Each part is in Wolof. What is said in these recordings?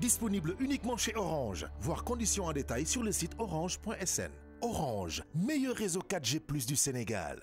Disponible uniquement chez Orange. Voir conditions en détail sur le site orange.sn. Orange, meilleur réseau 4G+ du Sénégal.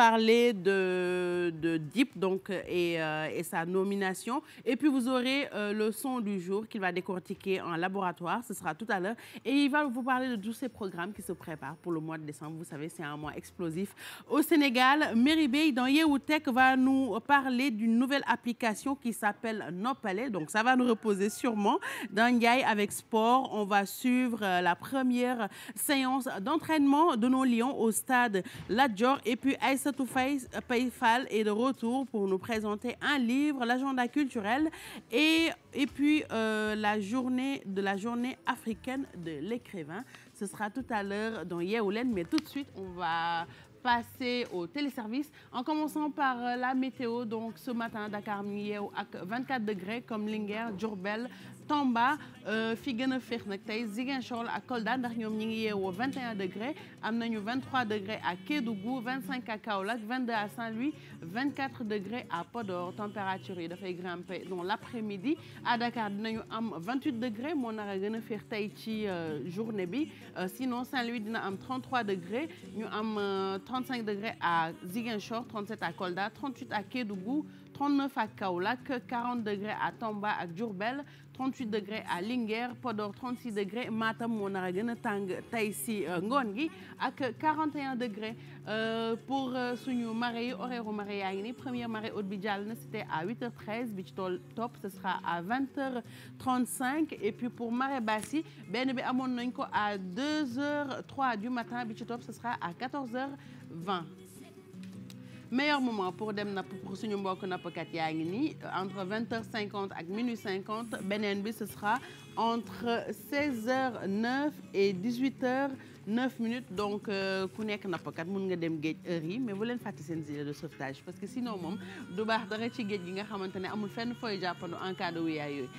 parler de, de Deep donc, et, euh, et, sa nomination. Et puis vous aurez euh, le son du jour qu'il va décortiquer en laboratoire. Ce sera tout à l'heure. Et il va vous parler de tous ces programmes qui se préparent pour le mois de décembre. Vous savez, c'est un mois explosif. Au Sénégal, Mary Bay dans Yehoutech va nous parler d'une nouvelle application qui s'appelle Nopalais. Donc ça va nous reposer on va suivre euh, la première séance d'entraînement de nos lions au stade Lajor et Aïssatou Faye Fall est de retour pour nous présenter un livre, l'agenda culturel et, et puis euh, la journée de la de l'écrivain. Ce sera tout à l'heure Leen, mais on va passer au téléservice en commençant euh, la météo. Donc ce matin, Dakar mi ngi yeewu ak Tamba euh, fi gën a féex nag tey Ziguinchor la ak Kolda ndax ñoom ñi ngi yeewoo 21 degré am nañu 23 degré à Kédougou 25 à Kaolack 22 à Saint-Louis 24 degré à Podor température yi dafay grimper dans l'après-midi à Dakar dinañu am 28 degré moo nar a féex tey ci euh, journée bi euh, sinon Saint-Louis dina am 33 degré ñu am 35 degré à Ziguinchor 37 à Kolda 38 à Kédougou 39 à Kaolack 40 degré à Tamba ak Diourbel 38 degré à Linguère Podor 36 degré Matam moo gën a tàng tey si euh, ngoon gi ak 41 degré euh, pour euh, suñu marée yi horaire u marée yaa ngi bi jàll na c'était à 8h13 bi ci tool topp ce sera à 20h35 et puis pour marée basse yi benn bi amoon nañ ko à 2h03 du matin bi ci topp ce sera à 14h20 meilleur moment pour dem napp pour suñu mbokk nappkat yaa ngi nii entre vingt heures cinquante ak minuit cinquante beneen bi ce sera entre seize heures neuf et dix huit heures donc euh, ku nekk nappkat mun nga dem géej heure yi mais bu leen fàtte seen gilet de sauvetage parce que sinon moom du baax dara ci géej gi nga xamante ne amul fenn fooy jàppandu en cas de wuyaay yooyu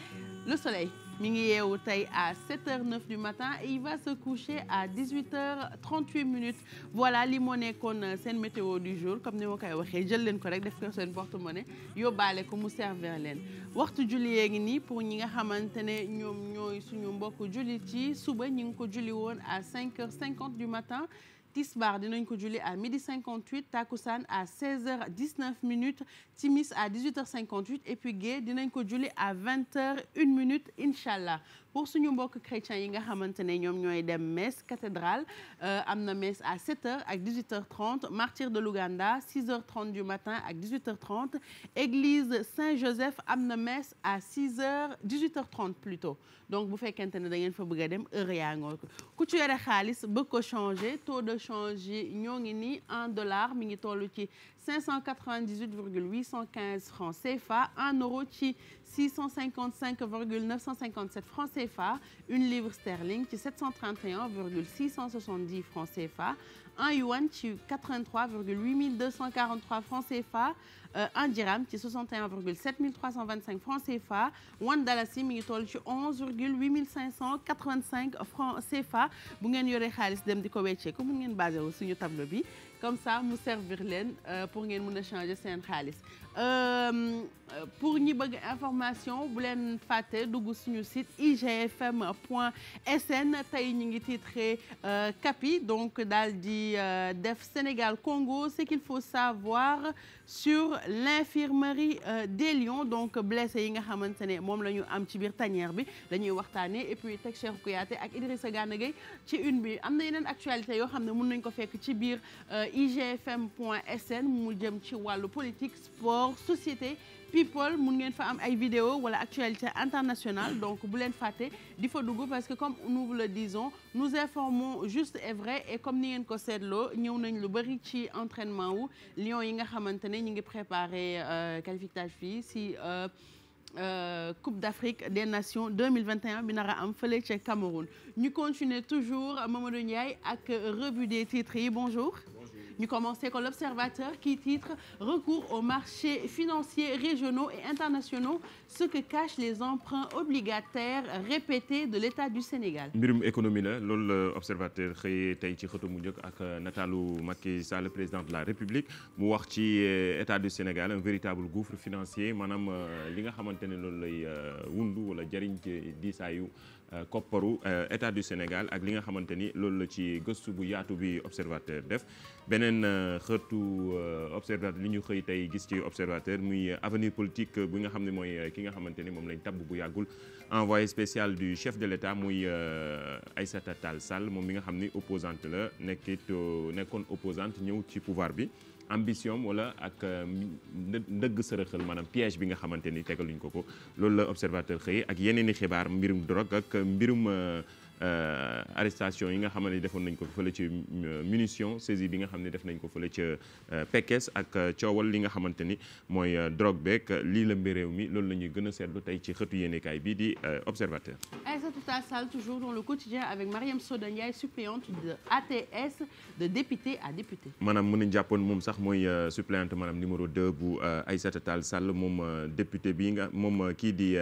le soleil. mi ngi yeewu tey à 7h09 du matin et il va se coucher à 18h38 minutes voilà li moo nekkoon euh, seen météo du jour comme ni ma koy waxee jël leen ko rek def ko seen porte-monnaie yóbbaale ko mu servir leen waxtu julli yee ngi nii pour ñi nga xamante ne ñoom ñooy suñu mbokk jullit yi suba ñi ngi ko julli woon à 5h50 du matin Tisbar dinañ ko julli à midi 58 Takusaan à 16h 19 minutes Timis à 18h58 et puis Gée dinañ ko julli à 20h 1 incha allah pour suñu mbokk chrétiens yi nga xamante ne ñoom ñooy dem messe cathédrale euh, am na messe à 7h ak 18h30 de l'Ouganda 6h30 du matin ak 18h30 église Saint-Joseph am na messe à 6h 18h30 donc bu fekkente ne da ngeen fa bëgg a dem heure yaa ngoo ko ku ci yore xaalis bëgg ko changer taux de change yi ñoo ngi nii 1 dollar mi ngi toll ci 598,815 francs CFA 1 euro ci 655 virgule 957 francs CFA une livre sterling ci 731 virgule 670 francs CFA un yuan ci 83 virgule 8243 francs CFA euh, un dirham ci 61 virgule 7325 francs CFA one dalasi mi ngi toll ci 11 virgule 8585 francs CFA bu ngeen yore xaalis dem di ko wecceeku mun ngeen basé wu suñu tableau bi comme ça mu servir leen euh, pour ngeen mun a changer seen xaalis Euh, pour ñi bëgg information bu leen fàtte dugg suñu site igfm point sn tey ñu ngi titré euh, Kapi donc daal di euh, def Sénégal Congo ce qu'il faut savoir sur l'infirmerie des Lions donc blessé yi nga xamante ne moom la ñu am ci biir tanière bi la ñuy waxtaanee et puis teg Cheikh Kouyaté ak Idrissa Gana Gueye ci une bi am na yeneen actualité yoo xam ne mun nañ ko fekk ci biir igfm point sn mu jëm ci wàllu politique sport sport société people mun ngeen fa am ay vidéo wala actualité internationale donc bu leen fàtte di fa dugg parce que comme nous vous le disons nous informons juste et vrai et comme ni ngeen ko seetloo ñëw nañ lu bëri ci entraînement wu Lions yi nga xamante ne ñu ngi préparer euh, qualification fii si euh, euh, Coupe d'Afrique des Nations 2021 bi nara am fële ca Cameroun ñu continuer toujours Mamadou Ndiaye ak revue des titres bonjour ñu commencé ko l'observateur qui titre recours aux marchés financiers régionaux et internationaux ce que cachent les emprunts obligataires répétés de l'État du Sénégal. mbirum économie la loolu la observateur xëyee tey ci xëtu mu njëkk ak natalu Macky Sall président de la République mu wax ci euh, État du Sénégal un véritable gouffre financier maanaam euh, li nga xamante ne loolu lay euh, wundu wala jëriñ ci diisaayu. Euh, kopparu euh, état du Sénégal ak li nga xamante ni loolu la ci gëstu bu yaatu bi observateur def beneen euh, xëtu observateur li ñu xëy tey gis ci observateur muy avenir politique bi nga xam ne mooy ki nga xamante ni moom lañ tabb bu yàggul envoyé spécial du chef de l'État muy Aïssata Tall Sall moom mi nga xam ni opposante la nekkit nekkoon opposante ñëw ci pouvoir bi ambition wala ak euh, ndëgg sërëxal maanaam piège bi nga xamante ni tegaluñ ko ko loolu la observateur xëy ak yeneen i xibaar mbirum drogue ak mbirum euh, Euh, arrestation yi nga xam ne defoon nañ ko fële ci euh, munition saisie bi nga xam ne def nañ ko fële ca euh, Pekes ak coowal li nga xamante ni mooy drogue beeg lii la mbir réew mi loolu la ñuy gën a seetlu tey ci xëtu yéenekaay bii di observateur. Aïssatou Tall Sall toujours dans le quotidien avec Mariam Soda suppléante de ATS de député à député. maanaam mën nañ jàppoon moom sax mooy suppléante maanaam numéro 2 bu ay Tall Sall moom député bi nga moom kii di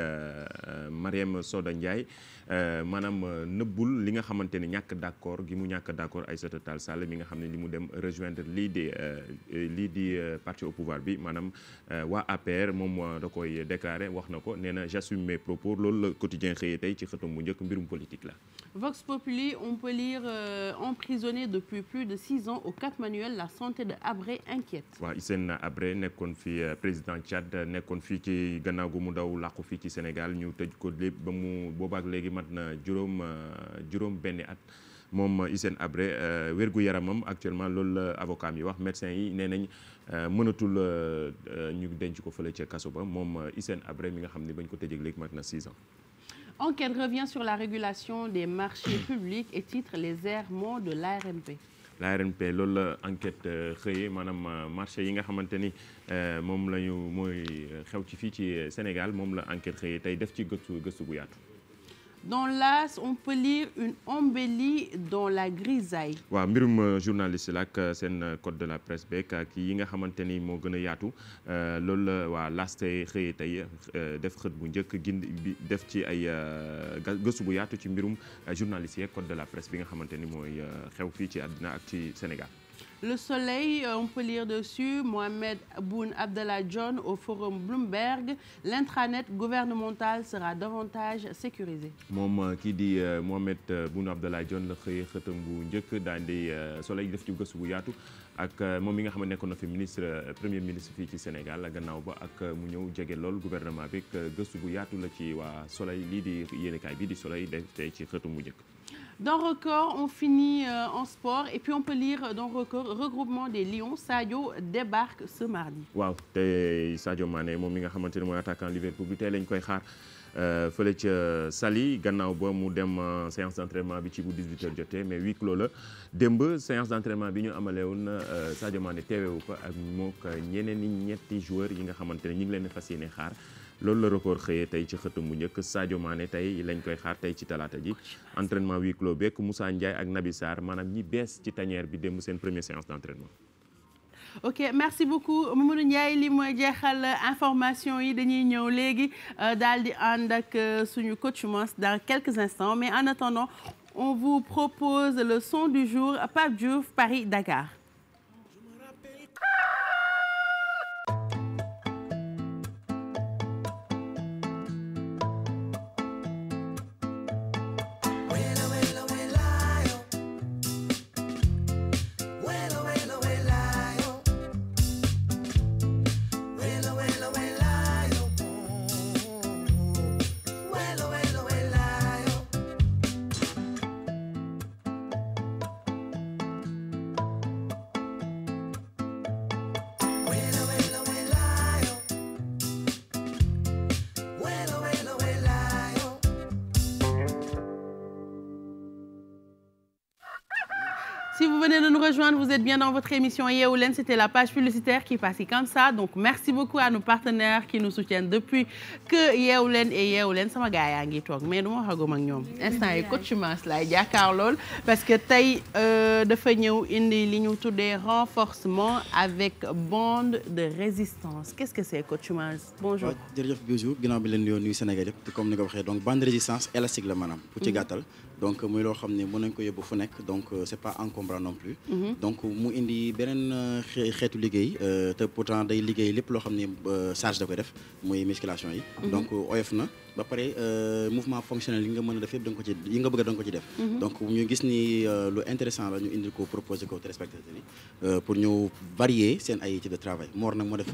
Mariam Soda Ndiaye. Euh, maanaam euh, nëbbul li nga xamante ne ñàkk d'accord gi mu ñàkk d'accord Aïssata Tall Sall mi nga xam ne li mu dem rejoindre lii de euh, lii di parti au pouvoir bi maanaam waa APR moom da koy déclaré wax na ko nee na j'assume mes propos loolu la quotidien xëyee tey ci xëtam mu njëkk mbirum politique la Vox Populi on peut lire euh, emprisonné depuis plus de six ans au Cap Manuel la santé de Habré inquiète waaw Hissène Habré nekkoon fi président Tchad nekkoon fii ci gannaaw mu daw làqu fii ci Sénégal ñu tëj ko ba mu boobaak léegi mat na juróom euh, juróom at moom Hissène Habré euh, wérgu yaramam actuellement loolu la avocat yi wax médecin yi nee nañ euh, mënatul ñu denc ko fële ca kaso ba moom Hissène Habré mi nga xam ni bañ ko tëjee léegi mat na 6 ans. Enquête revient sur la régulation des marchés publics et titre les errements de l'ARMP. l'ARMP loolu la enquête xëyee maanaam marché yi nga xamante ni moom lañu mooy xew ci fii ci Sénégal moom la enquête xëyee tey def ci gëstu gëstu bu yaatu. dans l'As on peut lire une embellie dans la grisaille. waaw mbirum euh, journaliste la ak euh, seen euh, code de la presse beeg ak yi nga xamante ni moo gën a yaatu loolu la waa l'As tey xëyee tey def xët bu njëkk gind def ci ay gëstu bu yaatu ci mbirum journaliste yeeg code de la presse bi nga xamante ni mooy xew fii ci àddina ak ci Sénégal. Le Soleil, euh, on peut lire dessus Mohamed Boun Abdallah John au forum Bloomberg. L'intranet gouvernemental sera davantage sécurisé. moom euh, kii di euh, Mohamed Boun Abdallah John la xëy xëtam bu njëkk daan di Soleil def ci gëstu bu yaatu ak moom yi nga xam a nekkoon na fi ministre premier ministre fii ci Sénégal gannaaw ba ak mu ñëw jege lool gouvernement bi gëstu bu yaatu la ci waa Soleil lii di yéenekaay bi di Soleil def tey ci xëtam bu njëkk. Dans record, on finit euh, en sport et puis on peut lire dans record regroupement des Lions Sadio débarque ce mardi. waaw tey Sadio Mané moom mi nga xamante ne mooy attaquant Liverpool bi tey lañ koy xaar. Euh, fële ca Saly gannaaw ba mu dem euh, séance d' bi ci bu 18h jotee mais huis clos la démb séance d' entraînement bi ñu amale woon Sadio Mané teewewu ko ak mook ñeneen ñetti joueurs yi nga xamante ne ñu ngi leen fas yéene xaar. loolu la record xëyee tey ci xëtam bu njëkk Sadio Mané tey lañ koy xaar tey ci talaata ji entraînement huis clos beeg Moussa Ndiaye ak Nabi Sarr maanaam ñi bees ci tanière bi démb seen première séance d'entraînement ok merci beaucoup Mamadou Ndiaye li mooy jeexal information yi dañuy ñëw léegi euh, daal di ànd ak euh, suñu coach Mans dans quelques instants mais en attendant on vous propose le son du jour Pape Diouf Paris Dakar vous êtes bien dans votre émission Yeewu Leen c'était la page publicitaire qui passait comme ça donc merci beaucoup à nos partenaires qui nous soutiennent depuis que Yeewu Leen et Yeewu Leen sama gars yaa ngi toog mais du ma waxagum ak ñoom instant yi coutumance laay jàkkaar lool parce que tey euh, dafa ñëw indi li ñu tuddee renforcement avec bande de résistance qu'est-ce que c'est coutumance bonjour. jërëjëf Bijou ginnaaw bi leen di nuyu Sénégal yëpp comme ni nga ko waxee donc bande de résistance la maanaam. pour ci mhm. gàttal. donc muy loo xam ne mën nañ ko yóbbu fu nekk donc euh, c' est pas encombrant non plus. Mm-hmm. donc mu indi beneen euh, xeetu liggéey euh, te pourtant day liggéey lépp loo xam ne charge da koy def muy musculation yi. Mm-hmm. donc oyof na ba pare mouvement fonctionnel yi nga mën a def yëpp ko ci yi nga bëgg da nga ko ci def. Mm-hmm. donc ñu gis ni lu intéressant la ñu indi ko proposé ko te respecté ni pour ñu varier seen ay type de travail Mor nag moo def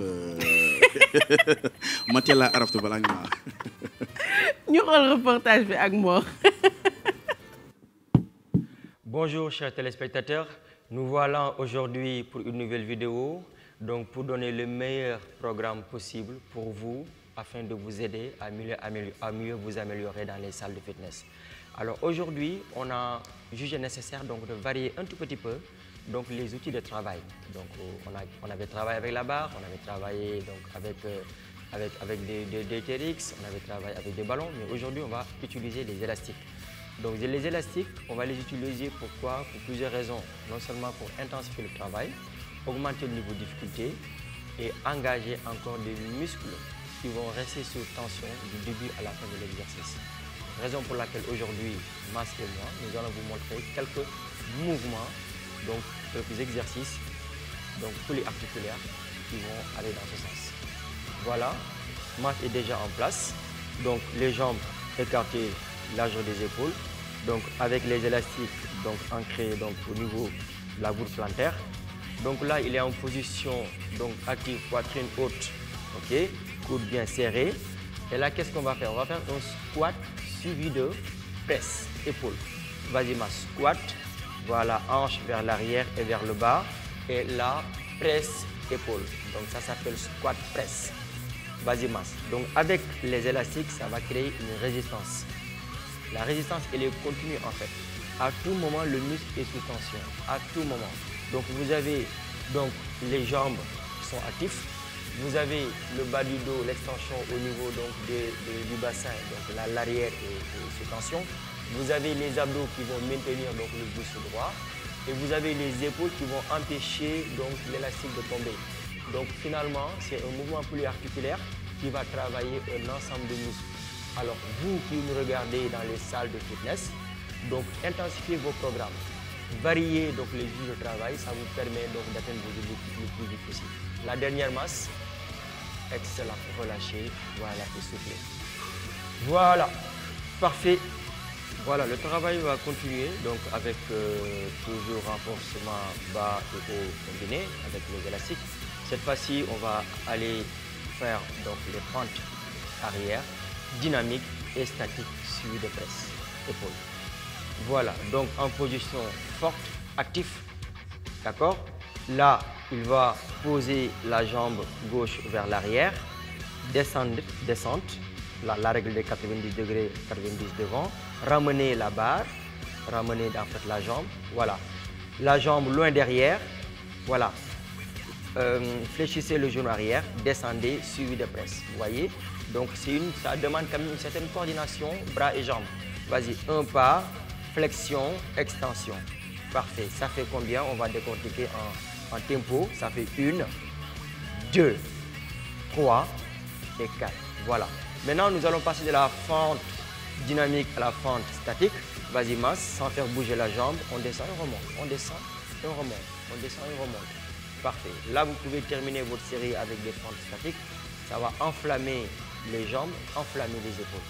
ma teel a araftu balaa nga ñu xool reportage Bonjour chers téléspectateurs, nous voilà aujourd'hui pour une nouvelle vidéo, donc pour donner le meilleur programme possible pour vous afin de vous aider à mieux, à vous améliorer dans les salles de fitness. aujourd'hui, on a jugé nécessaire donc de varier un tout petit peu donc les outils de travail. Donc on, a, on avait travaillé avec la barre, on avait travaillé euh, avec des, des, on avait travaillé avec des ballons, mais aujourd'hui on va utiliser des élastiques. Donc les élastiques, on va les utiliser pour quoi Pour plusieurs raisons. Non seulement pour intensifier le travail, augmenter le niveau de difficulté et engager encore des muscles qui vont rester sous tension du début à la fin de l'exercice. Raison pour laquelle aujourd'hui, Mas et moi, nous allons vous montrer quelques mouvements, donc quelques exercices, donc polyarticulaires qui vont aller dans ce sens. Voilà, Mas est déjà en place. Donc les jambes écartées largeur des épaules. Donc avec les élastiques donc, ancrés donc, au niveau de la voûte plantaire. Donc là, il est en position donc, active, poitrine haute, ok, bien serré. Et là, qu'est-ce qu'on va faire un squat suivi de presse, épaule. Vas-y, Voilà, hanche vers l'arrière et vers le bas. Et là, presse, épaule. Donc ça s'appelle squat presse. vas avec les élastiques, ça va créer une résistance. La résistance, elle est continue en fait. À tout moment, le muscle est sous tension. À tout moment. Donc vous avez donc, les jambes qui sont actives. Vous avez le bas du dos, l'extension au niveau donc, des, des, du bassin, donc l'arrière est, est sous tension. Vous avez les abdos qui vont maintenir donc, le pouce droit. Et vous avez les épaules qui vont empêcher l'élastique de tomber. Donc finalement, c'est un mouvement polyarticulaire qui va travailler ensemble de muscles. Alors vous qui nous regardez dans les salles de fitness, donc intensifiez vos programmes, variez donc les jours de travail, ça vous permet donc d'atteindre vos objectifs le plus La dernière masse, excellent, relâchez, voilà et soufflez. Voilà, parfait. le travail va continuer donc avec euh, toujours renforcement bas et haut combiné avec les élastiques. Cette fois-ci, aller faire donc les pentes arrière dynamique et statique suivi de presse, épaule. Voilà, donc en position forte, actif, d'accord Là, il va poser la jambe gauche vers l'arrière, descendre, la, la, règle de 90 degrés, 90 devant, ramener la barre, ramener en la jambe, voilà. La jambe loin derrière, voilà. Euh, le genou arrière, descendez, suivi de presse, voyez Donc une, ça demande quand une certaine coordination, bras et jambes. un pas, flexion, extension. Parfait. Ça fait combien On va décortiquer en, tempo. Ça une, deux, trois et quatre. Voilà. Maintenant, nous allons passer de la fente dynamique à la fente statique. vas sans faire bouger la jambe. On descend et on On descend et on Parfait. Là, vous pouvez terminer votre série avec des fentes statiques. Ça enflammer les jambes, enflammer les épaules.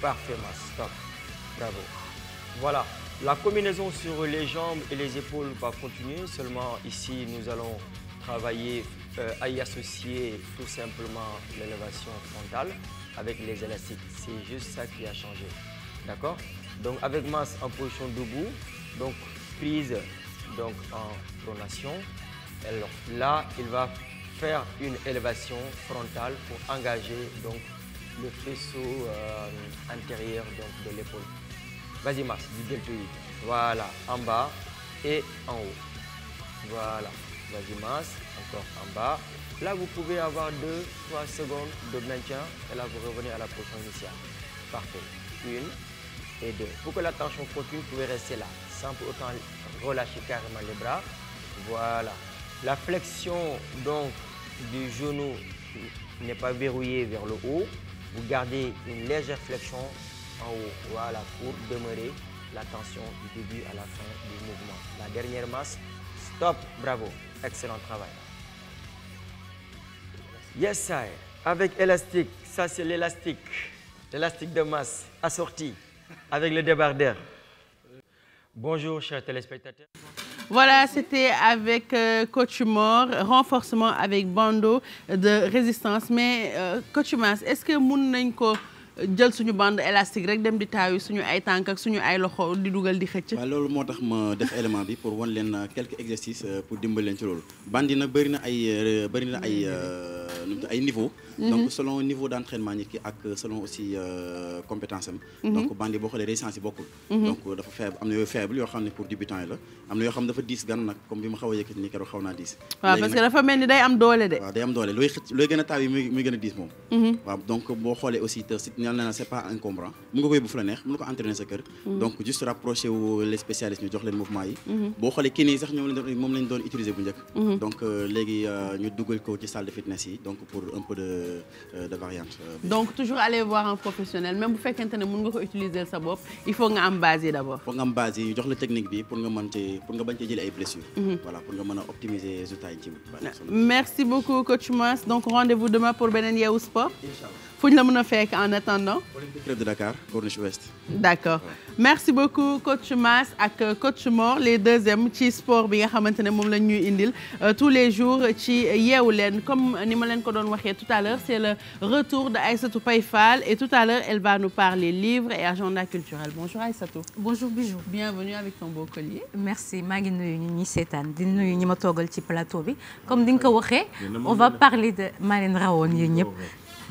Parfaitement, stop. Bravo. Voilà, la combinaison sur les jambes et les épaules va continuer, seulement ici nous allons travailler euh, à y associer tout simplement l'élévation frontale avec les élastiques. C'est juste ça qui a changé. D'accord avec masse en position debout, prise en pronation. là, il va faire une élévation frontale pour engager donc, le faisceau euh, de l'épaule. Vas-y Mars, du deltoïde. Voilà, en bas et en haut. Voilà, vas-y Mars, encore en bas. Là, vous pouvez avoir 2-3 secondes de maintien et vous revenez à la position initiale. Parfait. Une et deux. Pour que la tension continue, vous pouvez rester là, sans autant relâcher carrément les bras. Voilà. La flexion donc du genou n'est pas verrouillée vers le haut. Vous gardez une légère flexion en haut. Voilà, pour demeurer la tension du à la fin du mouvement. La dernière masse, stop, bravo, excellent travail. Yes, sir. Avec élastique, c'est l'élastique, de masse assorti avec le débardeur. Bonjour, chers téléspectateurs. Voilà, c'était avec euh, Coach Mor, renforcement avec bando de résistance. Mais euh, Coach Mass, est-ce que mun nañ ko euh, jël suñu band élastique rek dem di taayu suñu ay tànk ak suñu ay loxo di dugal di xëcc. waaw loolu moo tax ma def élément bi pour wan leen euh, quelques exercices euh, pour dimbaleen leen ci loolu. bandi nag bëri na ay bëri na ay ay niveau. Mm-hmm. donc selon niveau d' entraînement nit ki ak euh, selon aussi euh, compétence mm-hmm. donc bandi boo xoolee résistance bokkul mm-hmm. donc euh, dafa faible am na yooyu faible yoo xam ne pour débutant yi la am na yoo xam dafa diis gan nag comme bi ma xaw a yëkkati ni keroog xaw naa diis waaw parce que dafa mel ni day am doole de day am doole looy gën a taw yi muy gën a diis moom waaw donc boo xoolee aussi te si ñal na c' pas encombrant mu nga koy bu fu la neex mun nga Euh, euh, de euh, donc toujours aller voir un professionnel même bu fekkente ne mën nga ko utiliser sa bopp il faut nga am base yi d' nga am base jox la technique bi pour nga mën pour nga bañ cee jëlee ay blessures. Mhm. pour nga mën optimiser résultat yi ci. merci beaucoup coach donc rendez demain pour beneen Yeewu Sport. fu ñu la mën a fekk en attendant. Olympique Club de Dakar Corniche Ouest. d' merci beaucoup coach Mass ak coach Mor les deuxièmes ci sport bi nga xamante ne moom la ñuy indil euh, tous les jours ci yeewu leen comme ni ma leen ko doon waxee tout à l'heure c'est c' est le retour de Aïssatou Paye et tout à l'heure elle va nous parler livres et agenda culturel bonjour Aïssatou. bonjour Bijou. bienvenue avec ton beau collier. merci maa ngi nuyu seetaan di nuyu ñi ma toogal ci plateau bi comme ni nga ko waxee on va parler de Marine Rawone yéen ñëpp.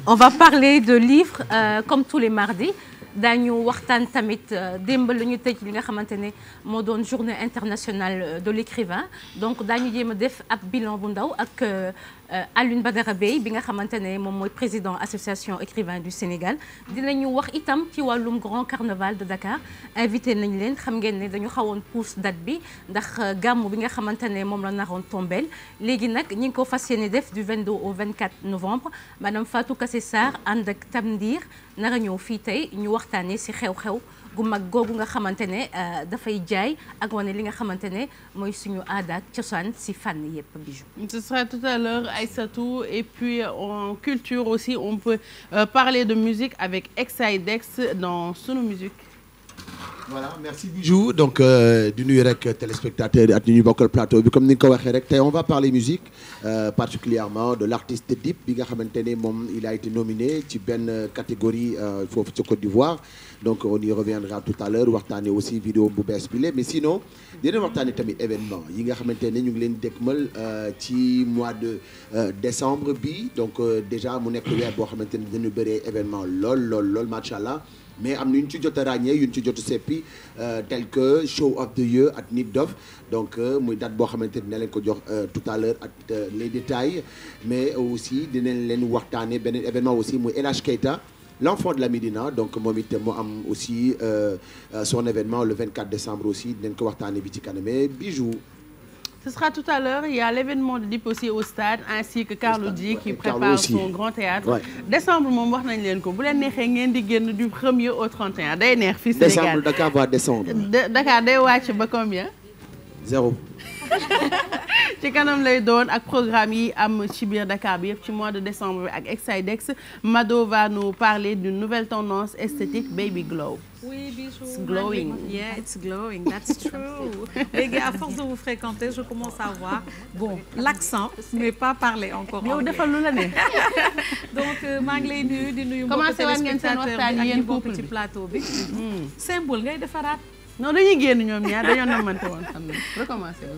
on va parler de livres euh, comme tous les mardis daañu waxtaan tamit euh, démb la ñu tëj li nga xamante ne moo doon journée internationale euh, de l'écrivain donc daañu jéem a def ab bilan bu ndaw ak euh, Euh, Alioune Badara béy bi nga xamante ne moom mooy président association écrivain du Sénégal dinañu wax itam ci wàllum grand carnaval de Dakar invité nañ leen xam ngeen ne dañu xawoon pousse date bi ndax euh, gàmmu bi nga xamante ne moom la naroon tombeel léegi nag ñi ngi ko fas yéene def du 22 au 24 novembre madame fatu Kassé Sarr ànd ak Tam Ndiir nara ñëw fii tey ñu waxtaanee si xew-xew gu mag googu nga xamante ne euh, dafay jaay ak wane li nga xamante ne mooy suñu aada ak cosaan si fànn yëpp bijou ce sera tout à l'heure Aïssatou et puis en culture aussi on peut euh, parler de musique avec Exidex e dans Sunu Musique voilà merci Bijou donc euh, di nuyu rek téléspectateurs yi ak ñu ñu bokkal plateau bi comme ni nga ko waxee rek tey on va parler musique euh, particulièrement de l' artiste Dip bi nga xamante ne moom il a été nominé ci benn catégorie euh, foofu ci Côte d'Ivoire donc on y reviendra tout à l'heure waxtaane aussi vidéo bu bees bi mais sinon dinañ waxtaane tamit événement yi nga xamante ne ñu ngi leen dëkkmal euh, ci mois de décembre bi donc déjà mu nekk weer boo xamante ne dañu bëree événement lool lool lool macha allah. mais am na ñu ci jot a ràññee yu ñu ci jot a seppi euh, tel que show of the year at Nit Dof donc euh, muy date boo xamante ne leen ko jox euh, tout à l'heure ak les détails mais aussi dinañ leen waxtaanee beneen événement aussi muy El Hadj Keita l'enfant de la Médina donc moom it moo am aussi son événement le 24 décembre aussi dinañ ko waxtaanee bi ci kanam mais bijou Ce sera tout à l'heure. Il y a l'événement de DIP au stade ainsi que Carlou D qui prépare son grand théâtre. décembre moom wax nañ leen ko bu leen neexee ngeen di génn du premier au 31 day neex fii Sénégal décembre Dakar va descendre. Dakar day wàcc ba combien. zéro. ci kanam lay doon ak programme yi am ci biir Dakar bi yëpp ci mois de décembre bi ak Exidex Mado va nous parler d'une nouvelle tendance Oui, bijoux. It's glowing. Yeah, it's glowing. That's true. léegi à force de vous fréquenter, je commence à voir bon l'accent, mais pas parler encore anglais. ne. donc euh, maa ngi lay nuyu di nuyu. mbokki téléspectateur bi ak ñi bokk plateau bi. Hmm. symbole ngay defaraat. non dañuy génn ñoom ñaar dañoo namante woon xam nañ recommencer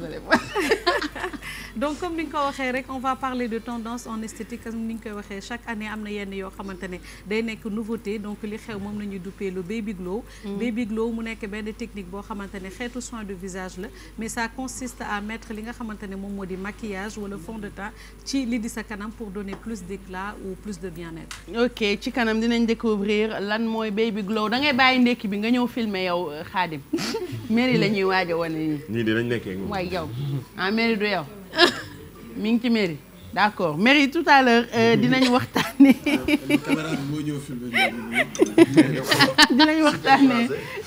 donc comme ni nga ko waxee rek on va parler de tendance en esthétique comme ni nga koy waxee chaque année am na yenn yoo xamante ne day nekk nouveauté donc li xew moom la ñuy duppee lu baby glow. Mm. baby glow mu nekk benn technique boo xamante ne xeetu soin de visage la mais ça consiste à mettre li nga xamante ne moom moo di maquillage wala fond de teint ci li di sa kanam pour donner plus d'éclat ou plu de bien-être. ok ci kanam dinañ découvrir lan mooy baby da ngay bàyyi ndekki bi nga ñëw filmer yow Khadim. mairie la ñuy waaj a wane nii. ñii di lañ nekkee ak moom. waaye yow ah mairie du yow mi ngi ci mairie. d' accord Merry tout à l'heure euh, dinañ waxtaane dinañ waxtaane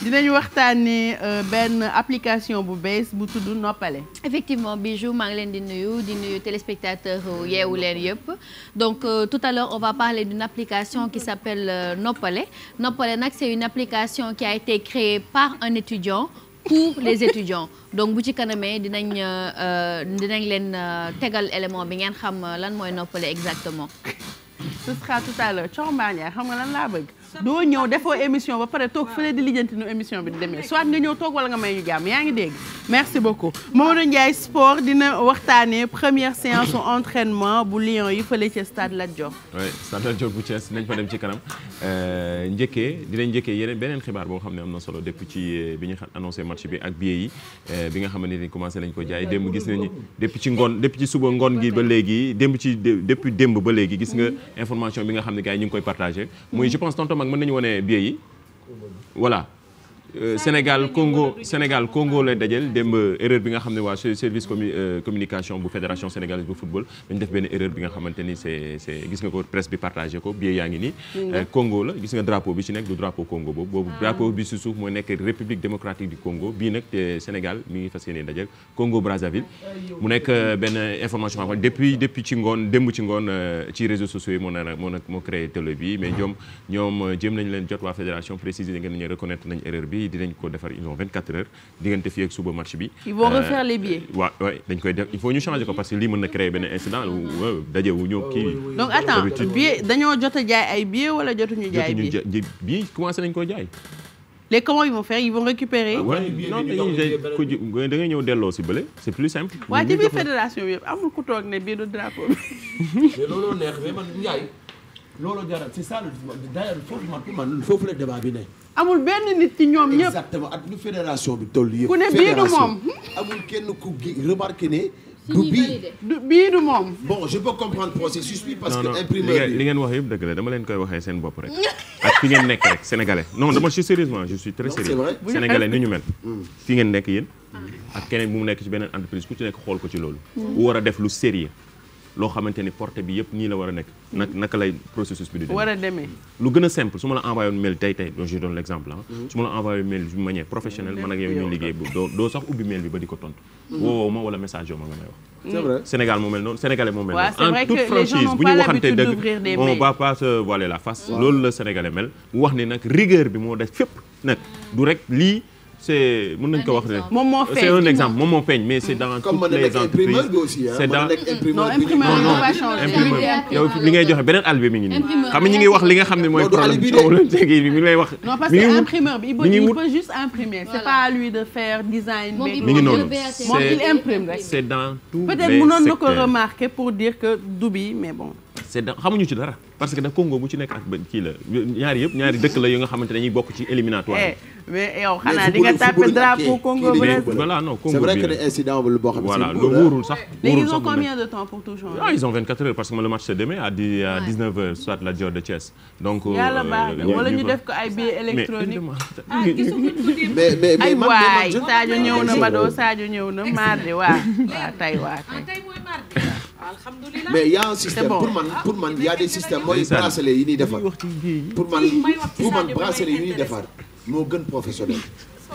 dinañ waxtaane euh, benn application bu bees bu tudd noppale effectivement Bijou maa ngi leen di nuyu di nuyu téléspectateur yeewu leen yëpp donc euh, tout à l'heure on va parler d'une application qui s'appelle noppale noppale nag c'est une application qui a été créée par un étudiant pour les étudiants donc bu ci kanamee dinañ euh, dinañ leen euh, tegal élément bi ngeen xam euh, lan mooy noppalee exactement. ce sera tout à l'heure Thior Mania xam nga lan laa bëgg. doo ñëw defoo émission ba pare toog fële di lijjanti nu émission bi di demee soit nga ñëw toog wala nga may ñu jàmm yaa ngi dégg merci beaucoup Maodo Ndiaye sport dina bu Lions yi fële ca stade Lat Dior. oui stade Lat Dior bu Thiès dinañ fa dem ci kanam euh, njëkkee dinañ njëkkee yeneen beneen xibaar boo xam ne am na solo depuis ci euh, bi ñu annoncé match bi ak billet yi euh, bi nga xam ne commencé lañ ko jaay démb gis nañu depuis ci ngoon depuis ci suba ngoon gi ba léegi démb ci depuis démb ba léegi gis nga information bi nga xam ne gars ñu ngi koy partagé muy mag mën nañu wane billet yi voilà Euh, sénégal Congo Sénégal Congo lay dajeel démb erreur bi nga xam ne waa service euh, communication bu fédération sénégal bu football dañ def benn erreur bi nga xamante ni c'est c'est gis nga ko presse bi partagé ko biee yaa ngi nii euh, Congo la gis nga drapeau bi ci nekk du drapeau Congo boobu boobu ah. drapeau bi suuf mooy nekk République démocratique du Congo bi nag Sénégal mi ngi fas yéene dajeel Congo Brazzaville mu nekk benn information xam depuis depuis ci ngoon démb ci ngoon ci réseaux sociaux yi moo na moo nag bi yi dinañ ko defar ils ont 24 heures diggante fii ak match bi. ils vont euh, refaire les billets. waaw euh, waaw dañ koy def il faut ñu changer ko parce que lii mën na créer benn incident euh, daje wu ñëw oh, kii. donc attends billet dañoo jot a jaay ay billets wala jotuñu jaay billet jotuñu billet commencé jaay. léegi comment ils vont faire ils vont si bële c'est plus simple. waa ci biir fédération bi yëpp amul ku toog ne bi. mais looloo loolu si sa ça le d'ailleurs foofu man pour man foofu la débat bi ne. amul benn nit ci ñoom ñëpp fédération bi toll yëpp. ku ne bii du moom amul kenn ku gi remarqué ne. du bii du moom. li ngeen wax yëpp dëgg la dama leen koy waxee seen bopp rek. ak fi ngeen nekk rek sénégalais non dama suis sérieusement je suis très sérieux sénégalais ni ñu mel. Hmm. fi ngeen nekk yéen. ak keneen bu mu nekk ci beneen entreprise ku ci nekk xool ko ci loolu. Hmm. war a def lu sérieux loo xamante ni porte bi yëpp nii la war a nekk. nag naka lay processus bi di demee war a demee. lu gën a simple su ma la envoyé mail tey tey donc je donne l' exemple ah. Mmh. su ma la envoyé mail d'une manière professionnelle mmh. man ak yow ñu liggéey bu doo sax ubbi mail bi ba di ko tontu. Mmh. woowoo ma wala message yoo ma nga may wax. c' est vrai Sénégal moo mel noonu sénégalais moo mel noonu. en toute franchise bu ñu waxante dëgg on va pas se la face. loolu la sénégalais mel. wax ni nag rigueur bi moo def fépp nag lii. c' est mën nañu ko wax ne. moom moo feeñ c' est un exemple moom moo feeñ mais c' est dans toutes les entreprises c' est dans non imprimeur yow li ngay joxe beneen àll bi mi ngi nii. xam nga ñu ngi wax li nga xam ne mooy problème problème bi mi ngi lay wax. non parce que imprimeur bi il peut juste imprimer. c' est pas à lui de faire design. mi ngi noonu c' est c' est dans tous les secteurs peut-être mënoon na ko remarquer pour dire que du bi mais bon. c'est xamuñu ci dara parce que da Congo bu ci nekk ak benn kii la ñaari yëpp ñaari dëkk la yi nga xamante dañuy bokk ci éliminatoire eh, mais yow xanaa di nga tàppe drapeau Congo voilà non Congo c'est vrai que ne incident lu boo xam voilà sax léegi ils ont combien de temps pour tout changer ah, soit la Dior de Thiès donc euh, yàlla baax na euh, wala def ko ay billets électroniques ay waay Sadio ñëw na ma doo Sadio ñëw na mardi waa waa tey waa tey alhamdulilah mais y' a un système pour man pour man y' a des systèmes mooy bracelet yi ñuy defar pour man moo gën professionnel.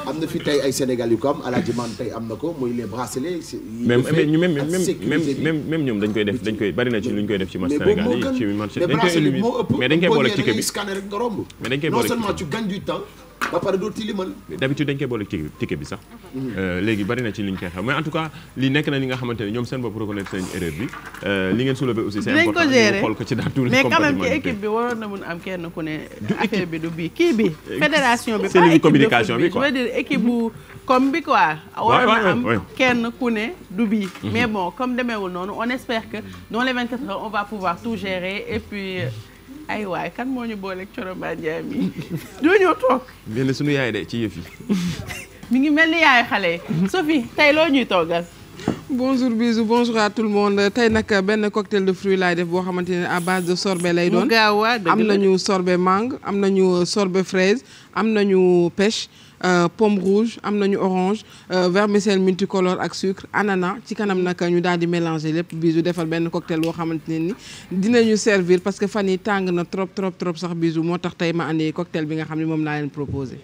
am na fi tey ay Sénégal yu ko am alaaji man tey am na ko muy les bracelets. même même même ñoom dañ koy def dañ ci lu ñu koy def ci match Sénégal yi ci match mais dañ koy boole ci kër bi mais dañ koy boole non seulement tu gagnes du temps. ba pare doo tilimal. d'habitude dañ koy boole ci bi sax. Mhm. Euh, léegi bari na ci liñ koy xam mais en tout cas li nekk na li nga xamante ñoom seen bopp reconnaître seen erreur bi euh, li ngeen soulevé aussi. c'est ko ci mais quand même ci équipe bi waroon na mun am kenn ku ne. du bii kii bi. fédération bi pas équipe bi comme bi quoi. waroon na am kenn ku ne du bii. Mhm. mais bon comme demeewul noonu on espère que dans les 24 heures on va pouvoir tout gérer et puis. Euh, ay waay kan moo ñu booleeg Coromba Ndiaye mi doo ñëw toog. mel ni sunu yaay de ci yëf yi. mi ngi mel ni yaay xale yi. Sophie tey loo ñuy toggal. bonjour bisou bonjour à tout le monde tey nag benn cocktail de fruits laay def boo xamante ne à base de sorbet lay doon. am na ñu sorbe mangue am nañu sorbe fraise am nañu pêche. Euh, pomme rouge am nañu orange euh, vermicelle multicolore ak sucre ananas ci kanam naka ñu daal di mélanger lépp bisu defal benn cocktail boo xamante ne ni dinañu servir parce que fan yi tàng na trop trop trop sax bisu moo tax tey ma andi cocktail bi nga xam ne moom naa leen proposé.